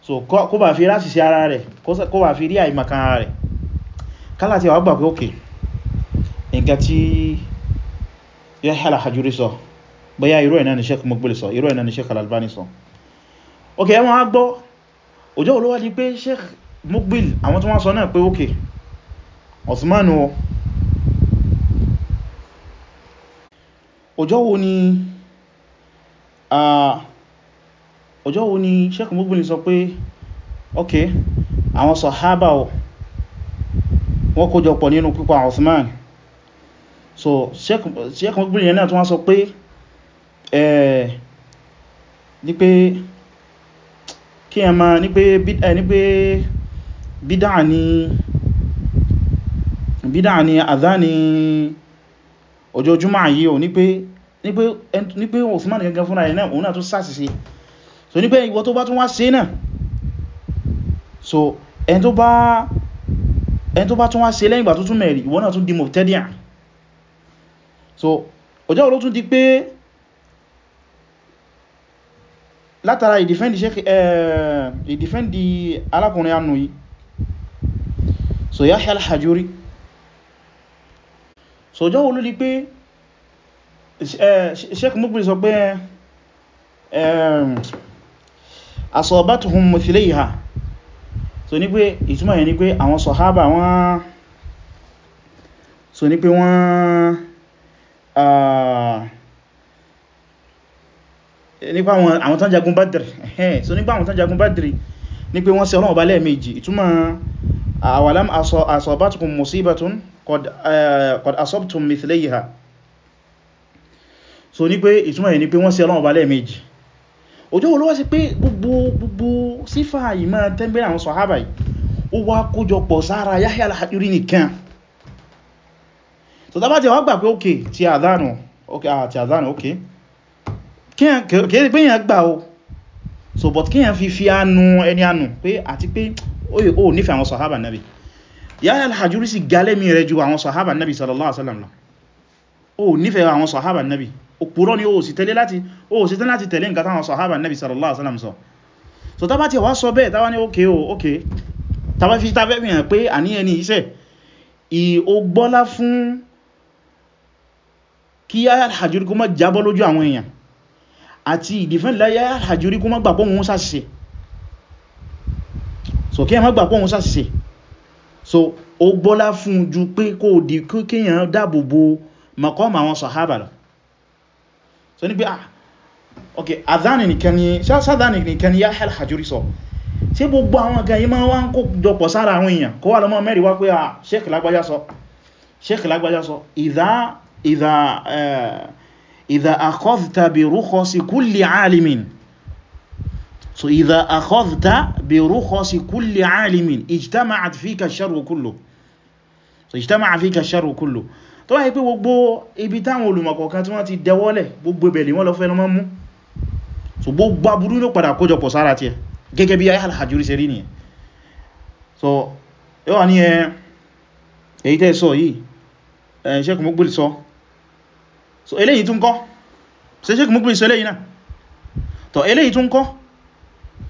so kó bá fi ráṣì sí ara rẹ̀ kó bá fi rí àìmọ̀kan ara rẹ̀ kálà tí wà gbà pé òkè nǹkan tí Yahya al-Hajuri sọ bóyá irú ẹ̀ náà ni Sheikh Muqbil sọ irú ẹ̀ náà ni Sheikh al-Albani sọ òkè ẹwọ́n á gbọ́ òjò olówá pé Sheikh Muqbil àwọn tí wọ́n sọ náà pé òkè Osmanu ọjọ́ wo ni ọjọ́ wo ni Sheikh Muqbil sọ pé ok àwọn sọ̀hábà wọ́n kójọpọ̀ nínú pípa Uthman so Sheikh Muqbil yẹn náà tún wá sọ pé ní pé kí ẹ máa ní pé bídá ni àdá ni ọjọ́ jùmọ́ o ní pé ní pé Usman gangan náà òun náà tó ṣàṣìṣe so ní pé ìwọ tó bá tún wá ṣe náà so ẹni tó bá tún wá ṣe lẹ́yìn ìgbà tó tún mẹ̀rí ìwọ náà tún di mọ̀tẹ́díà so ọjọ́ oló tún di pé látara ìdífẹ́ndì alákùnrin anú yìí so Yahya al so ọjọ́ wo ló di pé sheik mukbir sọ pé asabatuhum mithliha so ní pé ìtumọ̀ yẹn ni pé àwọn sàhábà wọ́n so ní pé wọ́n nípa àwọn tán jagun so nípa àwọn tán jagun Badri ní pé wọ́n ṣe Ọlọ́run bá lẹ́ẹ̀mejì ìtumọ̀ awalam asabatukum musibatun Eh, qad asabtum mithlayha so ní pé ìtumọ̀ yìí ni pé wọ́n sí Ọlọ́run ọba lẹ́ẹ̀mejì ojú olówó sí pé gbogbo gbogbo sífà ìmọ̀ tẹ́m̀bẹ̀ àwọn sọ̀hábà yìí ó wá kójọpọ̀ sára Yahya al-Hajuri nìkan so tá bá ti wá gbà pé ókè ti àdánù ókè àti àdánù ókè kéèrè pé èyàn gbà o so but kéèyàn fi fi ánú ẹni ánú pé àti pé ó nífẹ̀ẹ́ àwọn sọ̀hábà náà Yahya al-Hajuri sì galẹ́mí rẹ̀ ju àwọn sọ̀hábà nabi sallallahu alaihi wasallam lọ o nífẹ̀ẹ́ àwọn sọ̀hábà nabi òpùrọ́ ni o sì tẹ́lẹ̀ láti o sì tẹ́lẹ̀ láti tẹ̀lé nǹkan táwọn sọ̀hábà nabi sallallahu alaihi sọ so tá bá ti wá sọ bẹ́ẹ̀ táwa ní ókè o ókè tàbá fi tàbẹ́ mìíràn pé àní ẹni iṣẹ́ ìogbọ́lá fún kí Yahya al-Hajuri kó má jábọ́ lójú àwọn èèyàn àti ìdífẹ́lá so kí ẹ má gbàpọ̀ òun sàṣìṣe so o gbọ́lá fún ju pé kó di kíyàn dáàbòbò maqam àwọn sahaba lọ so ní pé ah ok adhani nìkan ni sáàdánì nìkan ni Yahya al-Hajuri sọ ṣe gbogbo àwọn gan yìí máa wá ń kó jọpọ̀ sára àwọn èèyàn kó wà lọ́mọ mẹ́rin wá pé à ah, sheik lágbájá sọ sheik lágbájá sọ idha idha eh, idha akhadhta bi rukhasi kulli alimin so idha akhadhta bi rukhasi kulli alimin ijtama'at fika sharru kullu so ijtama'a fika sharru kullu tó wáyé pé gbogbo ibi táwọn olùmọ̀kọ̀ọ̀kan tí wọ́n ti dẹwọ́lẹ̀ gbogbo ibẹ̀ ni wọ́n lọ fẹ́ lọ́mọ́ mú so gbogbo aburú ló padà kójọpọ̀ sára tí ẹ gẹ́gẹ́ bí ayé alhajjúrí ṣe rí nìyẹn so yíwa ní ẹ èyí tẹ́ sọ yìí ẹ̀ Sheikh Muqbil sọ so eléyìí tún kọ́ ṣe Sheikh Muqbil sọ eléyìí náà tọ́ eléyìí tún kọ́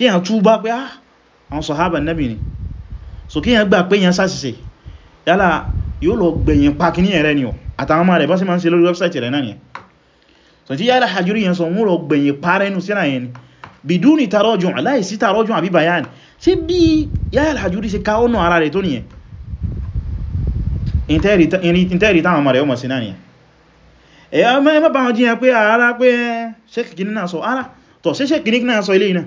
kí yàn túbá pé ah àwọn sọ̀hábà nẹ́bì ni so kí yàn gbà pé yàn sàṣìṣe yálà yóò lọ gbẹ̀yìn pa kí ní ẹ̀rẹ́ ni ọ àtàwọn ọmọ rẹ̀ bọ́ sí ma ń ṣe lórí wẹ́bsáìtì rẹ̀ náà ni so tí yálà hajjúrí yẹn sọ mú lọ gbẹ̀yìn pa rẹ̀ nù síra yẹn ni bidúni tarọ́jùn aláìsí tarọ́jùn àbí bayani sí bí yálà hajjúrí ṣe ká ọ̀nà ara rẹ̀ tó nìyẹn ìntẹ́rì táwọn ọmọ rẹ̀ ọmọ sí náà nìyẹn ẹ̀yà mẹ́bàá wọn jíyàn pé ara pé ṣẹ́kì kìnnì sọ ara tọ̀ ṣẹ́ṣẹ́ kìnnì náà sọ ilé náà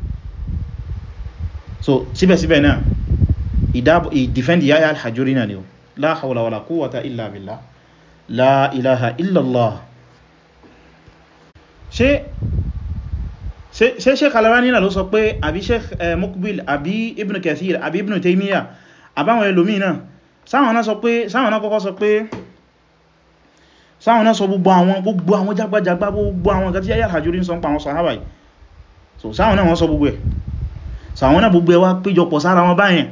so síbẹ̀síbẹ̀ náà ìdífẹ́ndì Yahya al-Hajuri náà ni o la hawla wala quwwata illa billah la ilaha illallah ṣe Sheikh Al-Albani náà ló sọ pé àbí Sheikh Muqbil àbí Ibn Kathir àbí Ibn Taymiyyah àbáwọn ẹlòmí náà sáwọn náà sọ pé sáwọn náà kọ́kọ́ sọ pé sáwọn náà sọ gbogbo àwọn gbogbo àwọn so sáwọn náà wọ́n sọ so àwọn náà gbogbo ẹwà péjọpọ̀ sára wọn báyẹn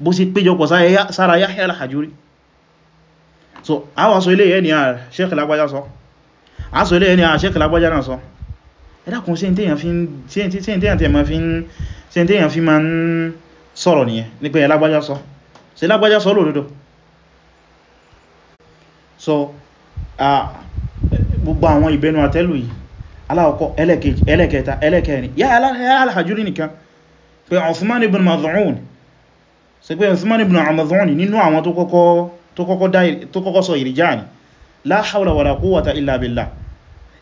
bó sì péjọpọ̀ sára Yahya al-Hajuri so a wà sọ ilé ẹni à Sheikh Lágbájá sọ a sọ ilé ẹni à Sheikh Lágbájá náà sọ ẹ̀dàkùn sí ìtẹ́yàn fi ma ń sọ̀rọ̀ nìyẹn ní pé Lágbájá sọ ṣé Lágbájá sọ lódodo so gbogbo àwọn ìbẹnu àtẹ́lù yìí aláwọ̀kọ́ ẹlẹ́kẹta ẹlẹ́kẹrin yá al-Hajuri nìkan pé Uthman ibn Mad'un ṣe pé Uthman ibn Mad'un nínú àwọn tó kọ́kọ́ tó kọ́kọ́ dá tó kọ́kọ́ sọ ìrìjá ni la hawla wala quwwata illa billah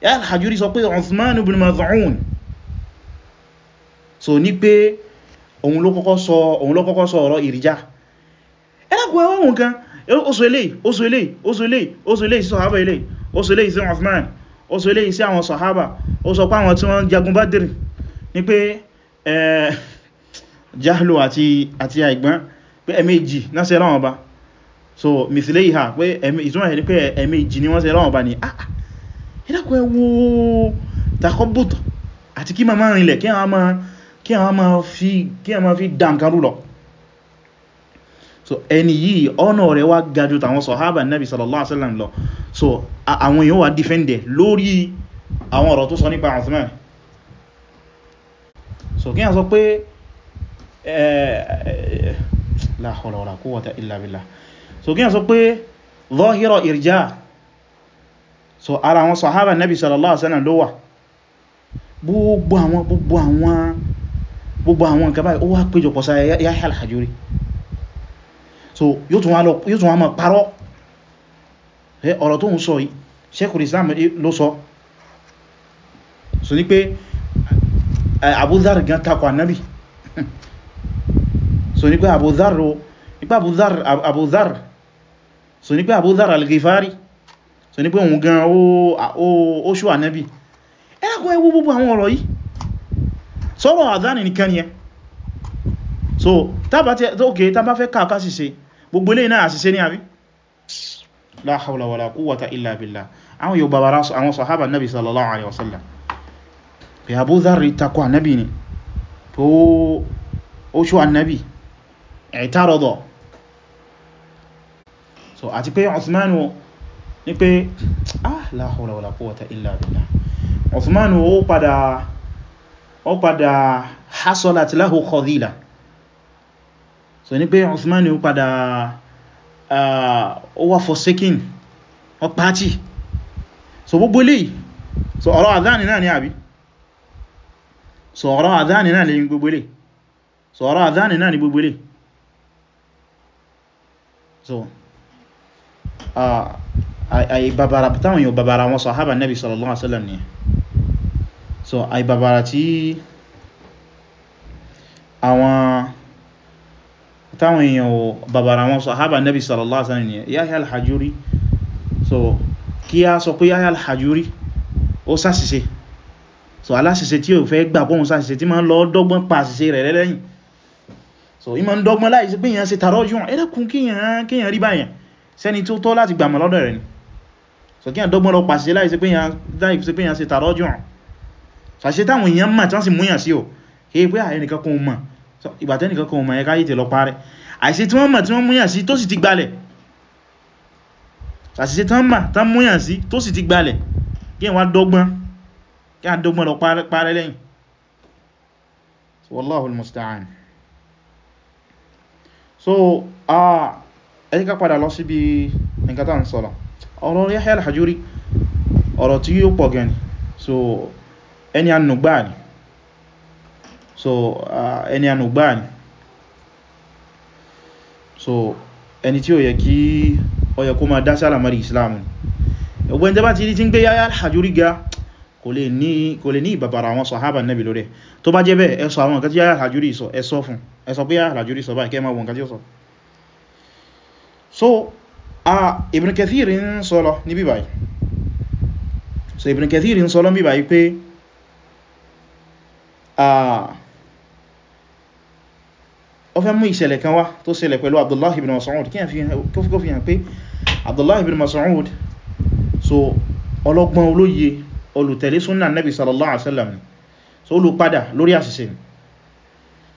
ya al-Hajuri sọ pé Uthman ibn Mad'un so ní pé òun ló kọ́kọ́ sọ òun ló kọ́kọ́ sọ ọ̀rọ̀ ìrìjá ẹlẹ́kùn ẹwọ́n wọn kan oṣù ilé oṣù ilé oṣù ilé oṣù Jahlo ati ati àìgbọ́n pé ẹ̀mẹ́jì náà ṣe Ọlọ́run Ọba so mithile ìhà pé ìtumọ̀ ẹ̀rí pé ẹ̀mẹ́jì ni wọ́n ṣe Ọlọ́run Ọba ni ah ìdákọ̀ ah. ẹwọ takọ́bùtọ̀ àti kí máa rìnlẹ̀ kí àwọn máa fi dànkarú lo so ẹni yìí ọ̀nà rẹ̀ wá gajú tàwọn sọ̀hábà Nabi sallallahu alaihi wasallam lo so àwọn èèyàn wa dífẹ́ndẹ̀ lori àwọn ọ̀rọ̀ tó sọ nípa Uthman so kí a sọ Eh, eh, la hawla wala quwwata illa billah so kíyàn sọ pé zahira irja so ara wọn sahaba nabi sallallahu alaihi wasallam ló wà gbogbo àwọn gbogbo àwọn gbogbo àwọn nǹkan báyìí ó wá péjọpọ̀ sáyẹ Yahya al-Hajuri so yóò tún wá mọ̀ parọ́ ọ̀rọ̀ tó ń sọ yìí Sheikhul Islam ló sọ so Abu Dharr gan takwa nabi so ní pé Abu Dharr o ní pé Abu Dharr Abu Dharr so ní pé Abu Dharr al-Ghifari so ní pé òun gan ó ṣù ànẹ́bì ẹ́lẹ́kọ́ ẹwú gbogbo àwọn ọ̀rọ̀ yìí sọ́rọ̀ àdánì nìkan ni ẹ so tàbá tí ókè tàbá fẹ́ káàkà ṣìṣe gbogbo ilé náà àṣìṣe ní àbí la hawla wala quwwata illa billah àwọn yóò bàbára àwọn sàhábà nabi sallallahu alaihi wasallam pé Abu Dharr takwa nabi ni ó ṣù annabi ẹ̀tàrọ̀dọ̀ so àti pé Uthman ní pé ah la hawla wala quwwata illa billah Uthman ó padà ó padà hasolat lahu so ní pé Uthman ó padà ah, ó wá forsaken ó pàtí so gbogbo lè so ọ̀rọ̀ àdáni náà ni àbí so ọ̀rọ̀ àdáni náà ni gbogbo lè so ọ̀rọ̀ àdáni náà ni gbogbo lè so àìbàbàrà uh, táwọn èèyàn bàbàrà wọn sàhábà nẹ́bí sallallahu alaihi wasallam ni so àìbàbàrà tí àwọn táwọn èèyàn bàbàrà wọn haba nẹ́bí sallallahu alaihi wasallam ni Yahya al-Hajuri so kí a sọ pé Yahya al-Hajuri o ṣàṣìṣe so aláṣìṣe tí ó fẹ́ gbà pọ́hun ṣàṣìṣe tí ma ń lọ dọ́gbọ́n pa àṣìṣe rẹ̀ lẹ́lẹ́yìn so ima n dọ́gbọ́n láì sí pé èyàn ṣe tààrọ yùn ẹ́dẹ́kùn kíyàn rí báyàn sẹ́ni tí ó tọ́ láti gbàmọ̀ lọ́dọ̀ rẹ̀ ni so kíyàn dọ́gbọ́n lọ pàṣẹ láì sí pé èyàn ṣe tààrọ yùn ṣàṣẹ táwọn èyàn mọ̀ tí si sì múyàn sí o kìí pé àyẹnìkan kan mọ̀ ìgbàtẹ́nìkan kan mọ̀ ẹ̀ká yìí tẹ̀ lọ parẹ́ àìsí tí wọ́n mọ̀ tí wọ́n múyàn sí tó sì ti gbalẹ̀ àṣìṣe tán mà tán múyàn sí tó sì ti gbalẹ̀ kí wọ́n dọ́gbọ́n kí wọ́n dọ́gbọ́n lọ parẹ́ lẹ́yìn wallahul musta'an so ẹ jẹ́ ká padà lọ síbi nǹkan tàà ń sọ lọ ọ̀rọ̀ Yahya al-Hajuri ọ̀rọ̀ tí ó pọ̀ gan ni so ẹni ànùgbà ni so ẹni ànùgbà ni so ẹni tí ó yẹ kí ó yẹ kó máa dá sí àlàmọ́rí Islam ni ẹgbẹ́ ìjọba ti rí tí ń gbé Yahya al-Hajuri ga kò lè ní ìbàbàrà àwọn sọ̀hábà nẹ́bì lórí tó bá jẹ́ bẹ́ẹ̀ ẹ sọ àwọn nǹkan tí yára àjúrí sọ ẹ sọ fún ẹ sọ pé yára ah, àjúrí sọ báyìí kẹ́ máa nǹkan tí ó sọ so a Ibn Kathir ń sọlọ ní bíbáyìí so Ibn Kathir ń sọlọ ní bíbáyìí pé ó fẹ́ mú ìṣẹ̀lẹ̀ kan wá tó ṣẹlẹ̀ pẹ̀lú Abdullahi ibn Mas'ud kí kó fi hàn pé Abdullahi ibn olùtẹ̀lé súnnà nẹ́bí sallallahu alaihi wasallam ni so olùpadà lórí àṣìṣe ni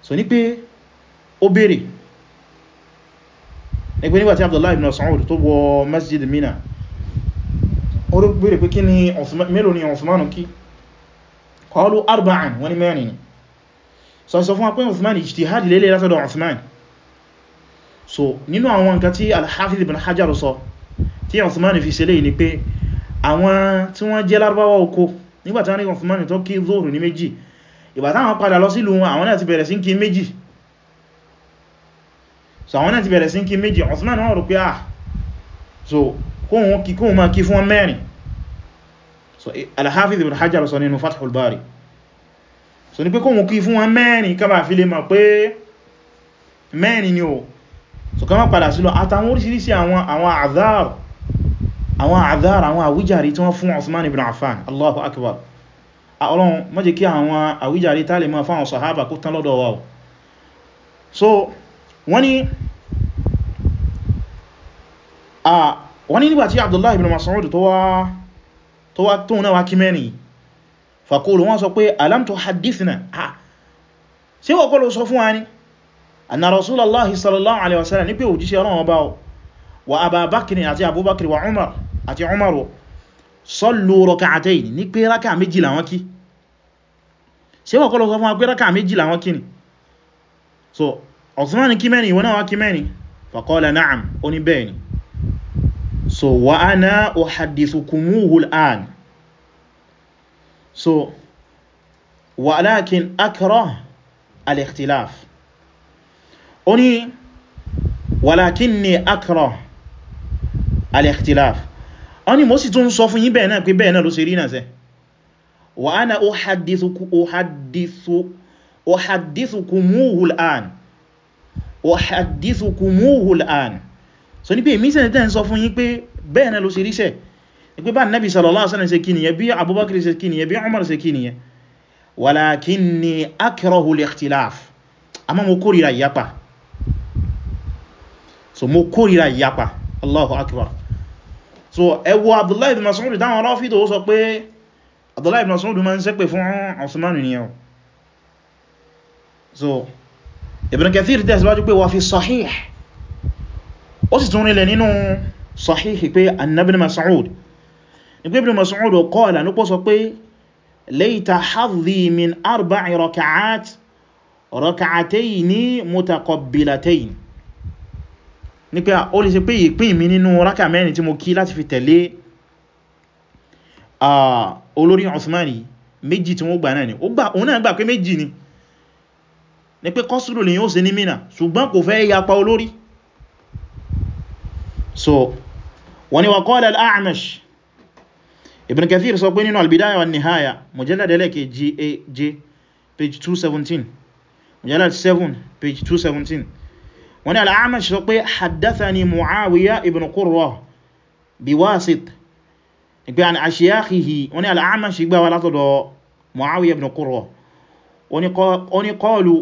so ní pé ó bèèrè ní pé nígbàtí Abdullahi ibn Mas'ud tó wọ masjid Mina ó bèèrè pé kí ni mélòó ni Uthmanu kí qalu arba'an wọ́n ni mẹ́rin ni so sọ fún wa pé Uthman ijtihad lélẹ̀ látọ̀dọ̀ Uthman so nínú àwọn nǹkan tí al ibn Hajar sọ tí Uthman fi ṣe ni pé àwọn tí wọ́n jẹ́ lárúbáwá oko nígbàtí wọ́n ní Uthman tó kí zóòrù ní méjì ìgbà táwọn padà lọ sílùú wọn àwọn náà ti bẹ̀rẹ̀ sí kí méjì so àwọn náà ti bẹ̀rẹ̀ sí kí méjì Uthman wọ́n rò pé ah so kóhun kí kóhun máa kí fún mẹ́rin so al-Hafiz ibn Hajar sọ nínú Fathul Bari so ní pé kóhun kí fún wọn mẹ́rin kama fi lè mọ̀ pé mẹ́rin ni o so kama padà sílùú àtàwọn oríṣiríṣi àwọn àwọn àzáàrù àwọn àdára àwọn àwíjàrí tí wọ́n fún Osman ibn Affan Allahu akbar Ọlọ́run má jẹ́ kí àwọn àwíjàrí tá lè máa fáwọn sàhábà kó tán lọ́dọ̀ wa so wọ́n ni a wọ́n ni nígbàtí Abdullahi ibn Mas'ud tó wá tó wá tóun náà wá kí mẹ́rin fàkóòlù wọ́n sọ pé alam tuhaddithna ha sí wọ́n kọ́ ló sọ fún wa ní anna Rasulullahi sallallahu alaihi wasallam ní pé òjíṣẹ́ Ọlọ́run ọba wa Abubakar wa Umar àti umaru sallu rak'atayn ní pé rákà méjì làwọn kí ṣe wọ́n kọ́lọ̀ sọ fún wa rákà méjì làwọn kí ni so Uthman kí mẹ́rin ìwọ náà wá kí mẹ́rin faqala na'am ó ní so wa ana uhaddithukumuhu al'an so walakin akrah al-ikhtilaf ó ní walakinni al-ikhtilaf wọ́n ni mo sì tún sọ fún yín bẹ́ẹ̀ náà pé bẹ́ẹ̀ náà ló ṣe rí náà sẹ́ wa ana uhaddithukumuhu al'an uhaddithukumuhu al'an so ní pé èmi sẹ́ni tẹ́ ń sọ fún yín pé bẹ́ẹ̀ náà ló ṣe rí sẹ́ pé bá nabi sallallahu alaihi wasallam ṣe kí nìyẹn bí abubakar ṣe kí nìyẹn bí umar ṣe kí nìyẹn walakinni akrahu al so ẹwọ Abdullahi ibn Mas'ud dáwọn Rāfidah ó sọ pé Abdullahi ibn Mas'ud ma ń ṣépè fún Osman nìyẹn so Ibn Kathir tẹ́síwájú pé wà fi Sahih ó sì tún rílẹ̀ nínú Sahih pé annabi Mas'ud ni pé Ibn Mas'ud qāla nípò sọ pé layta haddhi min arba'i raka'at raka'atayni mutaqabbilatayn ní pé ó lè ṣe pé ìpín mi nínú rákà mẹ́rin tí mo kí láti fi tẹ̀lé olórí Usmani méjì tí wọ́n gbà náà ni òun náà gbà pé méjì ni ní pé kọ́sùrù lè yíó ṣe ní Mínà ṣùgbọ́n kò fẹ́ yapa olórí so wọ́n ni wa qala al-A'mash Ibn Kathir sọ pé nínú al-Bidaya wa nihaya mujallad ẹlẹ́kẹ̀ GAJ page 217 mujallad 7 page 217 wọ́n ní al-A'mash sọ pé haddathani Mu'awiya ibn Qurra bi Wasit ìgbé an ashiyakhihi wọ́n ní al-A'mash gbà wá látọ̀dọ̀ Mu'awiya ibn Qurra wọ́n ní qalu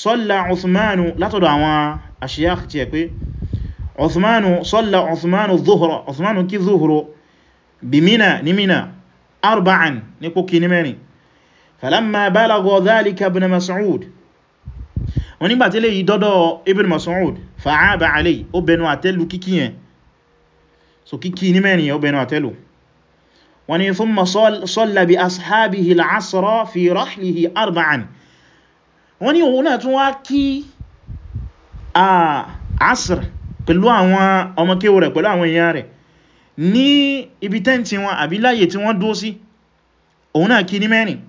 salla Uthmanu látọ̀dọ̀ àwọn ashiyakh tí ẹ pé Uthmanu salla Uthmanu dhuhra bi Mina ní Mina arba'an ní kókí ní mẹ́rin falamma balagha dhalika ibn Mas'ud wọ́n nígbàtí lè yí dọ́dọ̀ Ibn Mas'ud fa'aba alayhi ó bẹnu àtẹ́lù kíkí yẹn so kíkí ní mẹ́rin ó bẹnu àtẹ́lù wọ́n ni thumma salla bi ashabihi al-asra fi rahlihi arba'an wọ́n ni òun náà tún wá kí asr pẹ̀lú àwọn ọmọkéwò rẹ̀ pẹ̀lú àwọn èèyàn rẹ̀ ní ibi tẹ́ntì wọn àbí láyè tí wọ́n dó sí òun náà kí ní mẹ́rin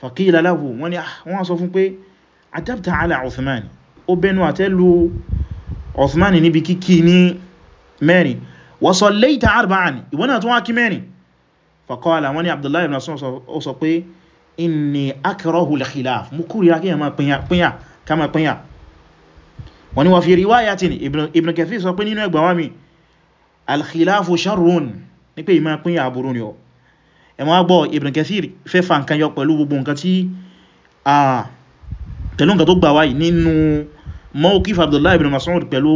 faqila lahu wọ́n ni ah, wọ́n sọ fún pé atabta ala Uthman ó bẹnu àtẹ́lù Uthman níbi kíkí ní mẹ́rin wa sallaita arba'an ìwọ́n náà tún wá kí mẹ́rin faqala wọ́n ni Abdullahi ibn Mas'ud ó sọ pé inni akrahu al-khilaf mú kúrìyà kí ẹ̀mà pínyà kama pínyà wọ́n ni wa fi riwayatin Ibn Kathir sọ pé nínú ẹgbàwá mi al-khilafu sharrun ní pé ìmá pẹ̀lú nǹkan tó gbà wáyìí nínú mawqif Abdullah ibn Mas'ud pẹ̀lú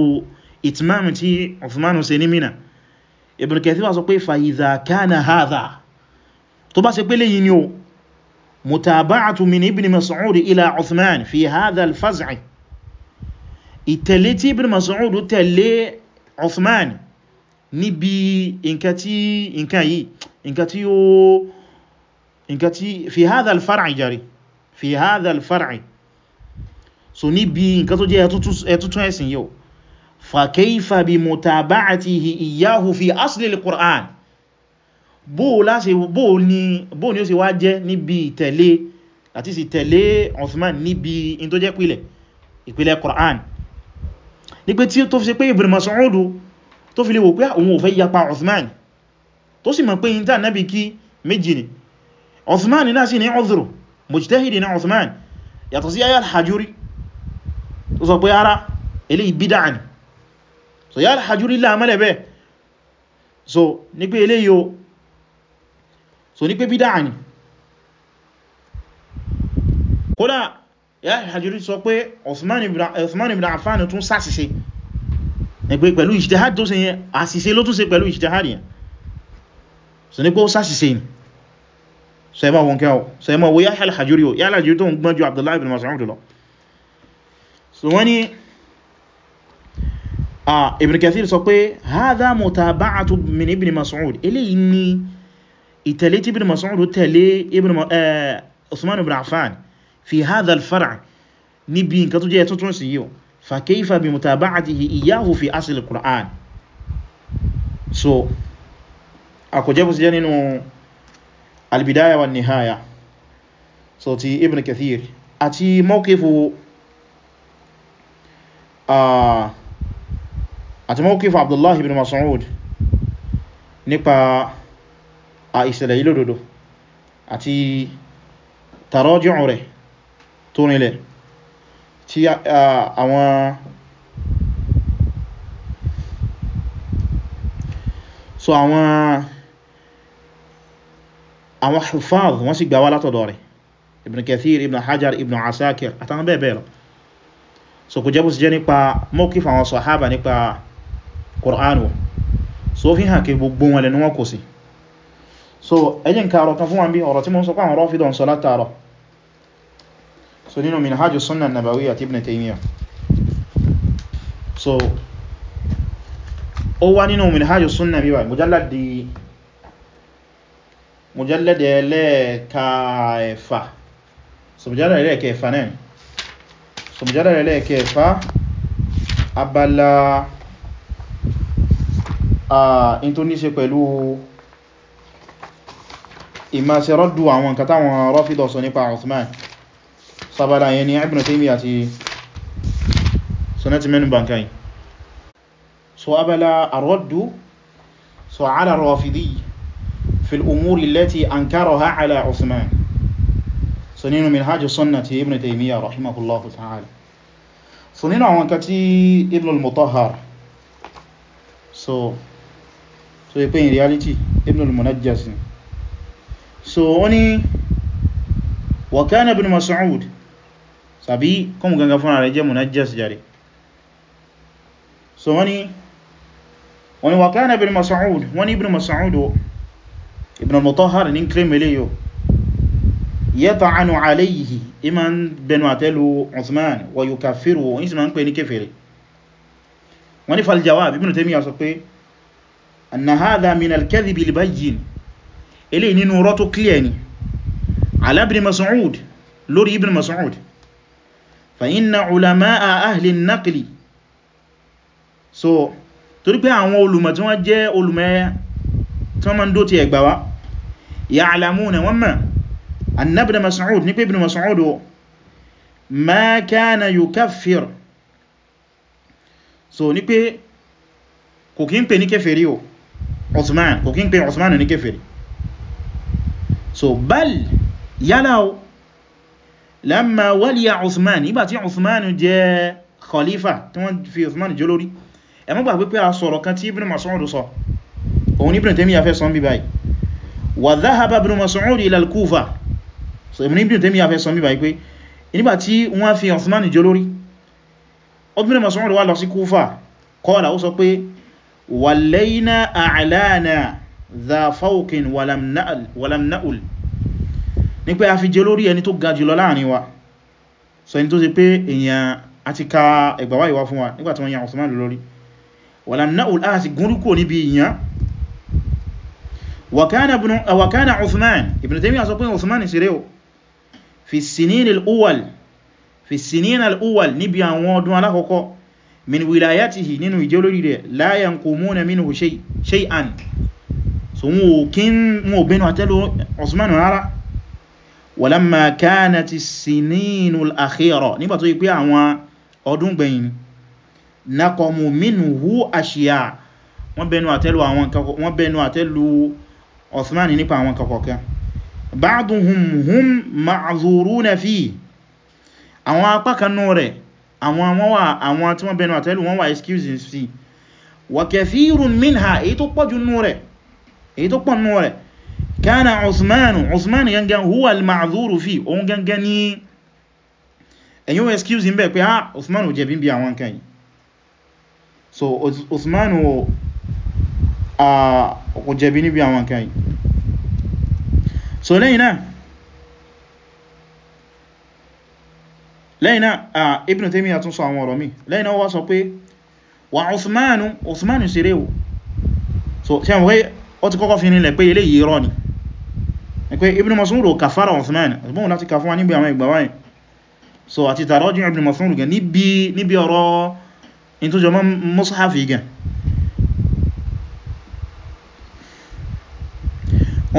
itmam tí Uthman ṣe ní Mina Ibn Kathir wá sọ pé fa idha kana hadha tó bá ṣe pé léyìn ni o mutaba'atu min ibn Mas'ud ila Uthman fi hadha al-faz'i ìtẹ̀lé tí ibn Mas'ud tẹ̀lé Uthman níbi nǹkan tí nǹkan yìí nǹkan tí ó fi hadha al-far'i jari fi hadha al-far'i so níbi nǹkan tó jẹ́ ẹ̀tútún ẹ̀sìn yóò fa kayfa bi mutaba'atihi iyyahu fi asli al-Qur'an bó ní ó ṣe wá jẹ́ níbi ìtẹ̀lé àti sì tẹ̀lé Uthman níbi in tó jẹ́ pìlẹ̀ ìpìlẹ̀ Qur'an ní pé tí tó fi ṣe pé Ibn Mas'ud tó fi lè wò pé ah, òun ò fẹ́ yapa Uthman tó sì mọ̀ pé in nábi kí méjì ni Uthman náà sì ní udhru mujtahidi ní Uthman yàtọ̀ sí ayal hajjuri tó sọ pé ara ilé ìbídà ni so yá alhajjúrí láàmẹ́lẹ̀ bẹ́ so ní pé ilé yóò so ní pé bídà ni kódà yá alhajjúrí sọ pé Osman ibn Affan tún ṣàṣìṣe ẹgbẹ́ pẹ̀lú ìṣtihad tó ṣe yẹn àṣìṣe ló tún ṣe pẹ̀lú ìṣtihad yẹn so ní pé ó ṣàṣìṣe ni so ẹmọ wọn so ẹmọ wo yá alhajjúrí o yá alhajjúrí tó ń gbọ́n ju Abdullahi so wọ́n ni Ibn Kathir sọ pé hadha mutaba'atu min Ibn Mas'ud eléyìí ni ìtẹ̀lé tí Ibn Mas'ud tẹ̀lé Uthman ibn Affan fi hadha al-far' níbi nǹkan tó jẹ́ tuntun sí yíò fa kayfa bi mutaba'atihi iyyahu fi asl al-Qur'an so àkójẹ́bù sí jẹ́ nínú al-Bidaya wan-Nihaya so ti Ibn Kathir àti mawqifu Ah, àti mọ́kífà abdullahi ibn mas'ud nípa a ìṣẹ̀lẹ̀ yìí lódodo àti tàrọ́jùn rẹ̀ tó nílẹ̀ tí àwọn so àwọn àwọn hufaz wọ́n sì gbà wá látọ̀dọ̀ rẹ̀ ibn kathir ibn hajar ibn asakir àtàwọn bẹ́ẹ̀ bẹ́ẹ̀ lọ so kò jẹ́bù sí jẹ́ nípa mọ́kífà àwọn sọ̀hábà nípa Kùránù so fi hàn kí gbogbo wọn lẹ́nu wọn kò sí so ẹjìn ka ọ̀rọ̀ kan fún wọn bí ọ̀rọ̀ tí mo ń àwọn Rāfidah sọ látàrọ so nínú Minhaju Sunnah Nabawiyya àti Ibn Taymiyyah so ó wá nínú Minhaju Sunnah bíbá mujalladi mujalladi ẹlẹ́ẹ̀kẹfà so mujalladi ẹlẹ́ẹ̀kẹfà náà so mujalla ẹlẹ́ẹ̀kẹfà abala in tó níṣe pẹ̀lú ìmáṣẹ́rọ́dù àwọn nǹkan táwọn rọ́fídọ̀ sọ nípa Uthman sábàlá yẹn ni Ibn Taymiyyah àti sọ́nẹ́tì mẹ́nu bankai so abala arọ́dù so ala rọ́fídì fil umuri lati ankaraha ala Uthman so nínú minhajus sunnati ibn taymiyyah rahimahullahu ta'ala so nínú àwọn kan tí ibn al-mutahhar so so ipe in reality ibn al-munajjas so oni wa kana ibn mas'ud sabi kom ganga fún ara jẹ́ munajjas jare so oni oni wa kana ibn mas'ud woni ibn mas'ud ibn al-mutahhar ni claim eleyo yata'anu alayhi ima ń bẹnu àtẹ́lù Uthman wa yukaffiruhu in sì ma ń pè ní kéfèrè wọ́n ní faljawab Ibn Taymiyyah sọ pé anna hadha min al-kadhibi al-bayyin ilé nínú rọ́tò clear ni ala Ibn Mas'ud lórí Ibn Mas'ud fa inna ulama'a ahli an-naqli so torí pé àwọn olùmọ̀ tí wọ́n jẹ́ olùmọ̀ tí wọ́n wọ́n mọ̀ annabna mas'ud ní pé ibn mas'ud o ma kana yukaffir so ní pé kò kí ń pè ní kèfèrí o Uthman kò kí ń pè Uthman ní kèfèrí so bal yálà o lamma waliya Uthman nígbà tí Uthman jẹ́ khalifa tí wọ́n fi Uthman jẹ́ lórí ẹ má gbà pé a sọ̀rọ̀ kan tí ibn Mas'ud sọ òun ibn Taymiyyah fẹ́ sọ bí báyìí wa dhahaba ibn Mas'ud ila al-Kufa so Ibn Ibn Taymiyyah fẹ́ sọ mí báyìí pé nígbà tí wọ́n fi Uthman jẹ olórí Ibn Mas'ud wá lọ sí Kúfà kọ́ọ̀lá ó sọ pé wallayna a'lana dha fawqin walam na'ul ní pé a fi jẹ olórí ẹni tó ga jùlọ láàrin wa so ẹni tó ṣe pé èèyàn àti ka ẹgbàwà ìwá fún wa nígbà tí wọ́n yan Uthman lórí walam na'ul a sì gúnrú kò níbi ìyàn wa kana Ibn Taymiyyah sọ pé Uthman sì rẹ̀ o fi sinin al'uwal fi sinin al'uwal níbi àwọn ọdún alákọ̀ọ́kọ́ min wilayatihi nínú ìjẹ́ olórí rẹ̀ la yanqumuna minhu shay'an so wọn ò kí wọn ò bẹnu àtẹ́lù Osman rárá walamma kanati sininu al-akhira nígbà tó yí pé àwọn ọdún gbẹ̀yìn naqamu minhu ashiya wọ́n bẹnu àtẹ́lù Osman ba'duhum hum ma'zuruna fi àwọn apá kan nú rẹ̀ àwọn wọ́n wà àwọn tí wọ́n bẹnu àtẹ́lù wọ́n wà excuse sí wa kathirun minha èyí tó pọ̀jù nú rẹ̀ èyí tó pọ̀ nú rẹ̀ kana Usmanu Usmanu gangan huwa al fi òun gangan ní ẹ̀yìn wọ́n excuse bẹ̀ pé ah Usmanu jẹ̀bi bí àwọn so Usmanu ah, kò jẹ̀bi níbi àwọn kan yìí so lẹ́yìn náà lẹ́yìn náà à Ibn Taymiyyah tún sọ àwọn ọ̀rọ̀ mi lẹ́yìn náà sọ pé wà Uthmanu Uthmanu sí rẹ̀ so ṣe àwọn ó ti kọ́kọ́ fi nílẹ̀ pé eléyìí irọ́ ni pé Ibn Mas'ud kàfàrà Uthman ọ̀sùnmọ́n láti kàfún wa níbi àwọn ìgbà so àti tààrọ́jú Ibn Mas'ud gan níbi ọ̀rọ̀ in tó jọ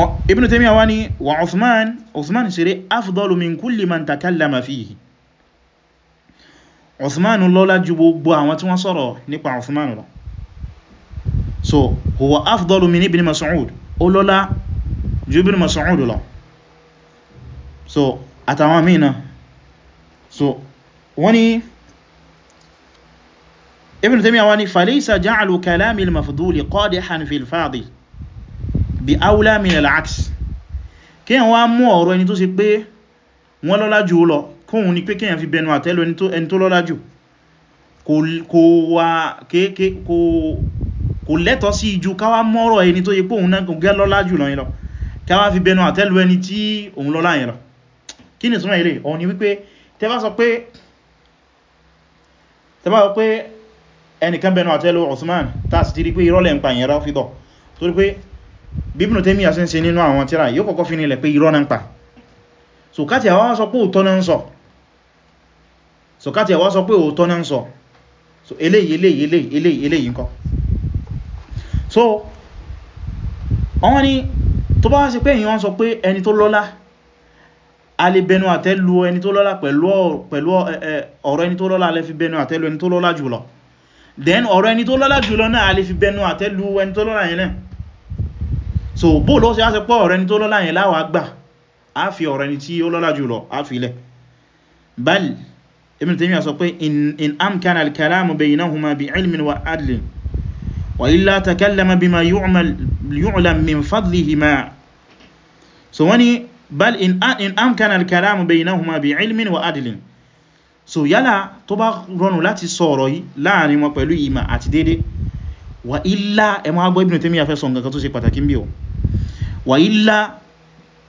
Ibn Taymiyyah wá ní wa Uthman Uthman sire afdalu min kulli man takallama fihi Uthman lọ́lá ju gbogbo àwọn tí wọ́n sọ̀rọ̀ nípa Uthman lọ so huwa afdalu min ibn Mas'ud ó lọ́lá ju ibn Mas'ud lọ so àtàwọn mìíràn so wọ́n ní Ibn Taymiyyah wá ní falaysa ja'alu kalami al-mafduli qadihan fi fadil bí áúlá mìíràn láàks kí yàn wá mú ọ̀rọ̀ ẹni tó ṣe pé wọ́n lọ́lá jù lọ kóhun ni pé kí yàn fi bẹnu àtẹ́lù ẹni tó lọ́lá jù kò lẹ́tọ̀ sí ju káwá mọ́rọ̀ ẹni tó yẹ pé òun náà gẹ́ lọ́lá jù lọ káwá fi bẹnu àtẹ́lù ẹni tí òun lọ́lá yẹn lọ kí ni súnmọ̀ ilé ọ̀ni wípé tẹ́bá sọ pé tẹ́bá sọ pé ẹnìkan bẹnu àtẹ́lù Osman tàà sì ti rí pé irọ́lẹ̀ ń pa ìyẹn Rafidọ torí pé bíbìnú tẹ́mí àṣẹ ń ṣe nínú àwọn tíra yóò kọ́kọ́ fi nílẹ̀ pé irọ́ náà ń pa so káti àwọn sọ pé òótọ́ náà ń sọ so káti àwọn sọ pé òótọ́ náà ń sọ so eléyìí eléyìí eléyìí eléyìí eléyìí nǹkan so àwọn ni tó bá wá sí pé èyí wọ́n sọ pé ẹni tó lọ́lá a lè bẹnu àtẹ́ lu ẹni tó lọ́lá pẹ̀lú ọ̀rọ̀ ẹni tó lọ́lá a lè fi bẹnu àtẹ́ lu ẹni tó lọ́lá jùlọ then ọ̀rọ̀ ẹni tó lọ́lá jùlọ náà a lè fi bẹnu àtẹ́ lu ẹni tó lọ́lá yẹn náà so bó ló ṣe á ṣe pọ́ ọ̀rẹ́ni tó lọ́lá yẹn láwàá gbà á fi ọ̀rẹ́ni tí ó lọ́lá jùlọ á fi lẹ̀ bal Ibn Taymiyyah sọ pé in amkana al-kalamu baynahuma bi ilmin wa adlin wa illa takallama bima yu'lam min fadlihima so wani bal in amkana al-kalamu baynahuma bi ilmin wa adlin so yálà tó bá rọrùn láti sọ ọ̀rọ̀ yìí láàrin wọn pẹ̀lú ìmọ̀ àti dédé wa illa ẹmọ́ agbọ́ Ibn Taymiyyah fẹ́ sọ nǹkan tó ṣe pàtàkì bí o wà ílá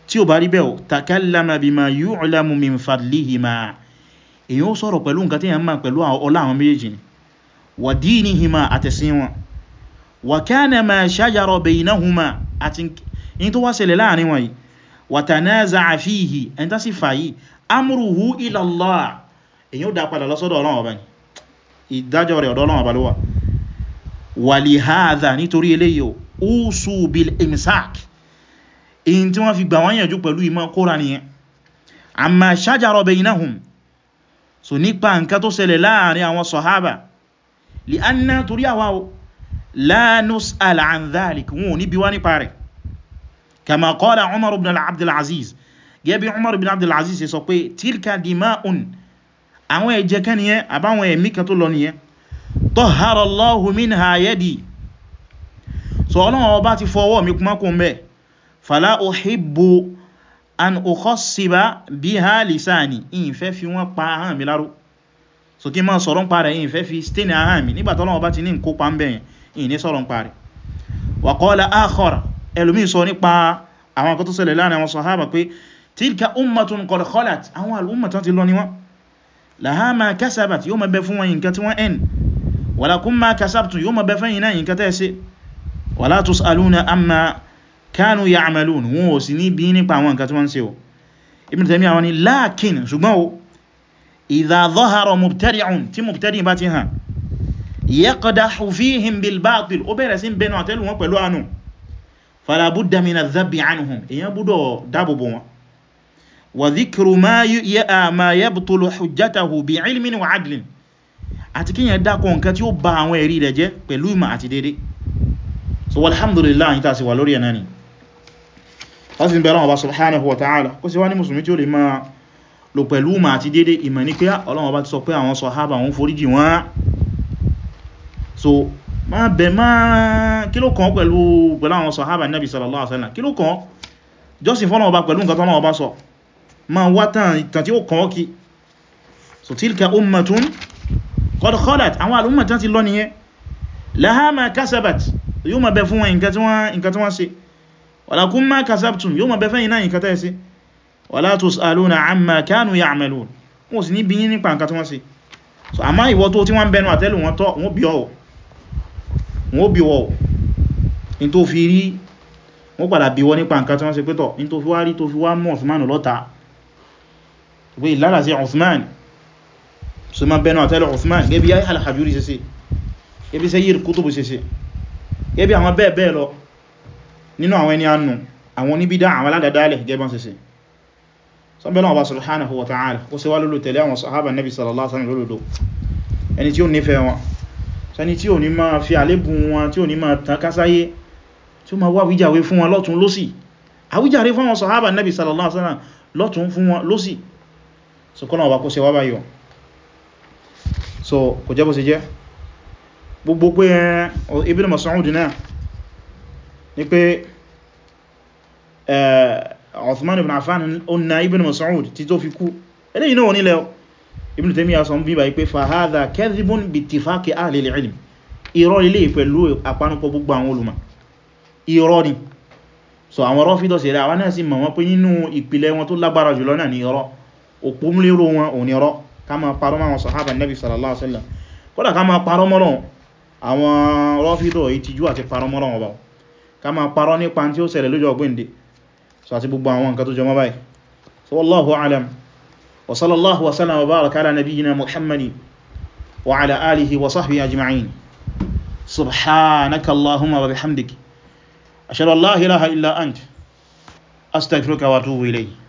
tí ó bá rí bẹ́ẹ̀ takallama bima yu'lamu min fadlihima èyí ó sọ̀rọ̀ pẹ̀lú nǹkan tí yẹn máa pẹ̀lú ọlá àwọn méjì wà dinihima àtẹ̀sìn wọn wà kana ma shajara baynahuma àti in tó wá ṣẹlẹ̀ láàrin wọn yìí wà tanaza'a fihi ẹni tá sì fàyí amruhu ila Allah èyí ó dá padà lọ́sọ́dọ̀ Ọlọ́run ọba ìdájọ́ rẹ̀ ọ̀dọ̀ Ọlọ́run ọba ló wà wà li hadha nítorí eléyìí usu bil imsak in tí wọ́n fi gbà wọ́n yànjú pẹ̀lú ìmọ̀ kóra nìyẹn amma shajara bainahum so nípa nǹkan tó ṣẹlẹ̀ láàrin àwọn sọ̀hábà li anna torí àwa la nus'al an dhalik wọn ní bí wá nípa rẹ̀ kama qala umar ibn abdulaziz gẹ́bí umar ibn abdulaziz ṣe sọ pé so Ọlọ́run ọba ti fọwọ́ mi kúmọ́ kún bẹ́ fàlá uhibbu an ukhassiba biha lisani in fẹ́ fi wọ́n pa ahọ́n mi láró so kí ma sọ̀rọ̀ ń pa rẹ̀ in fẹ́ fi stain ahọ́n mi nígbà tọ́lọ́run ọba ti ní kópa ń bẹ̀yìn in ní sọ̀rọ̀ ń pa rẹ̀ wa qala akhar ẹlòmí sọ nípa àwọn akọ́tọ́ ṣẹlẹ̀ láàrin àwọn sahaba wala tus'aluna amma kanu ya'malun wọn ò sì ní bí nípa àwọn nǹkan tí wọ́n ń ṣe o Ibn Taymiyyah àwọn ni lakin ṣùgbọ́n o idha dhahara mubtadi'un tí mubtadi' bá ti hàn yaqdahu fihim bil batil ó bẹ̀rẹ̀ sí bẹnu àtẹ́lù wọn pẹ̀lú àánú fala budda min adh-dhabbi anhum èyàn búdọ̀ dábòbò wọn wa dhikru ma yẹ ma yabtulu hujjatahu bi ilmin wa adlin àti kíyàn dákọ̀ nǹkan tí ó ba àwọn ẹ̀rí rẹ̀ jẹ́ pẹ̀lú ìmọ̀ àti dédé so walhamdulillah yí tàà sí wà lórí ẹ̀nà ni wọ́n sì ń bẹ̀rẹ̀ ọba subhanahu wa ta'ala kó sì wá ní musulmi tí ó lè máa lò pẹ̀lú ma àti dédé ìmọ̀ ní pé ah, Ọlọ́run bá ti sọ pé àwọn sàhábà wọn foríjì wọ́n so ma bẹ̀ ma kí ló kàn pẹ̀lú pẹ̀lú àwọn sàhábà nabi sallallahu alaihi wasallam kí ló kàn jọ́sìn fọ́nà ọba pẹ̀lú nǹkan tọ́nà ọba sọ ma wá tàn so tilka ummatun qad khalat àwọn alùmọ̀ tán ti lọ nìyẹn laha ma kasabat yóò máa bẹ fún wọn nǹkan tí wọ́n ṣe walakum ma kasabtum yóò máa bẹ fẹ́yìn náà nǹkan tẹ́ ṣe wala tusaluna amma kanu ya'malun wọ́n sì ní bí yín nípa nǹkan tí wọ́n ṣe so àmá ìwọ tó tí wọ́n ń bẹnu àtẹ́lù wọn tọ́ wọ́n bí ọ̀wọ̀ wọ́n bí wọ́wọ̀ in tó fi rí wọ́n padà bí wọ́n nípa nǹkan tí wọ́n ṣe pẹ́tọ̀ in tó fi wá rí tó fi wá mú Uthman lọ́ta pé ìlára gẹ́bí al-Hajuri ṣe gẹ́bí Sayyid Qutb ṣe gẹ́bí àwọn bẹ́ẹ̀ bẹ́ẹ̀ lọ nínú àwọn ẹni annu àwọn oníbídá àwọn aládàdálẹ̀ gẹ́bọn sẹsẹ̀ sọ́bẹ̀lọ́ ọba subhanahu wa ta'ala kó ṣe wá lólò tẹ̀lé àwọn sahaba nabi sallallahu alaihi wasallam lólò ẹni tí ó nífẹ̀ẹ́ wọn sẹni tí ó ní máa fi àlébù wọn tí ó ní máa tàn kásáyé tí ó máa wá wíjàwé fún wọn lọ́tún lósì so kò jẹ́ bó gbogbo pé Ibn Mas'ud náà ni pé Uthman ibn Affan ó na Ibn Mas'ud tí tó fi kú eléyìí náà nílẹ̀ Ibn Taymiyyah sọ bí báyìí pé fahadha kadhibun bi ittifaqi ahli ilm irọ́ ilé pẹ̀lú àpánupọ̀ gbogbo àwọn olùmọ̀ irọ́ ni so àwọn Rāfidah sí rẹ̀ àwọn náà sì mọ̀ wọ́n pé nínú ìpìlẹ̀ wọn tó lágbára jùlọ náà ni irọ́ òpómúlérò wọn ò ní irọ́ ká máa parọ́ àwọn rọ́fídọ̀ ìtìjú àti parọ́ mọ́ Ọlọ́run Ọba ká máa parọ́ nípa tí ó ṣẹlẹ̀ lọ́jọ́ ọgbẹ́ndé so àti gbogbo àwọn nǹkan tó jọ mọ́ báyìí so wallahu alam wa sallallahu wa sallam wa baraka ala nabiyyina muhammadin wa ala alihi wa sahbihi illa ant astaghfiruka wa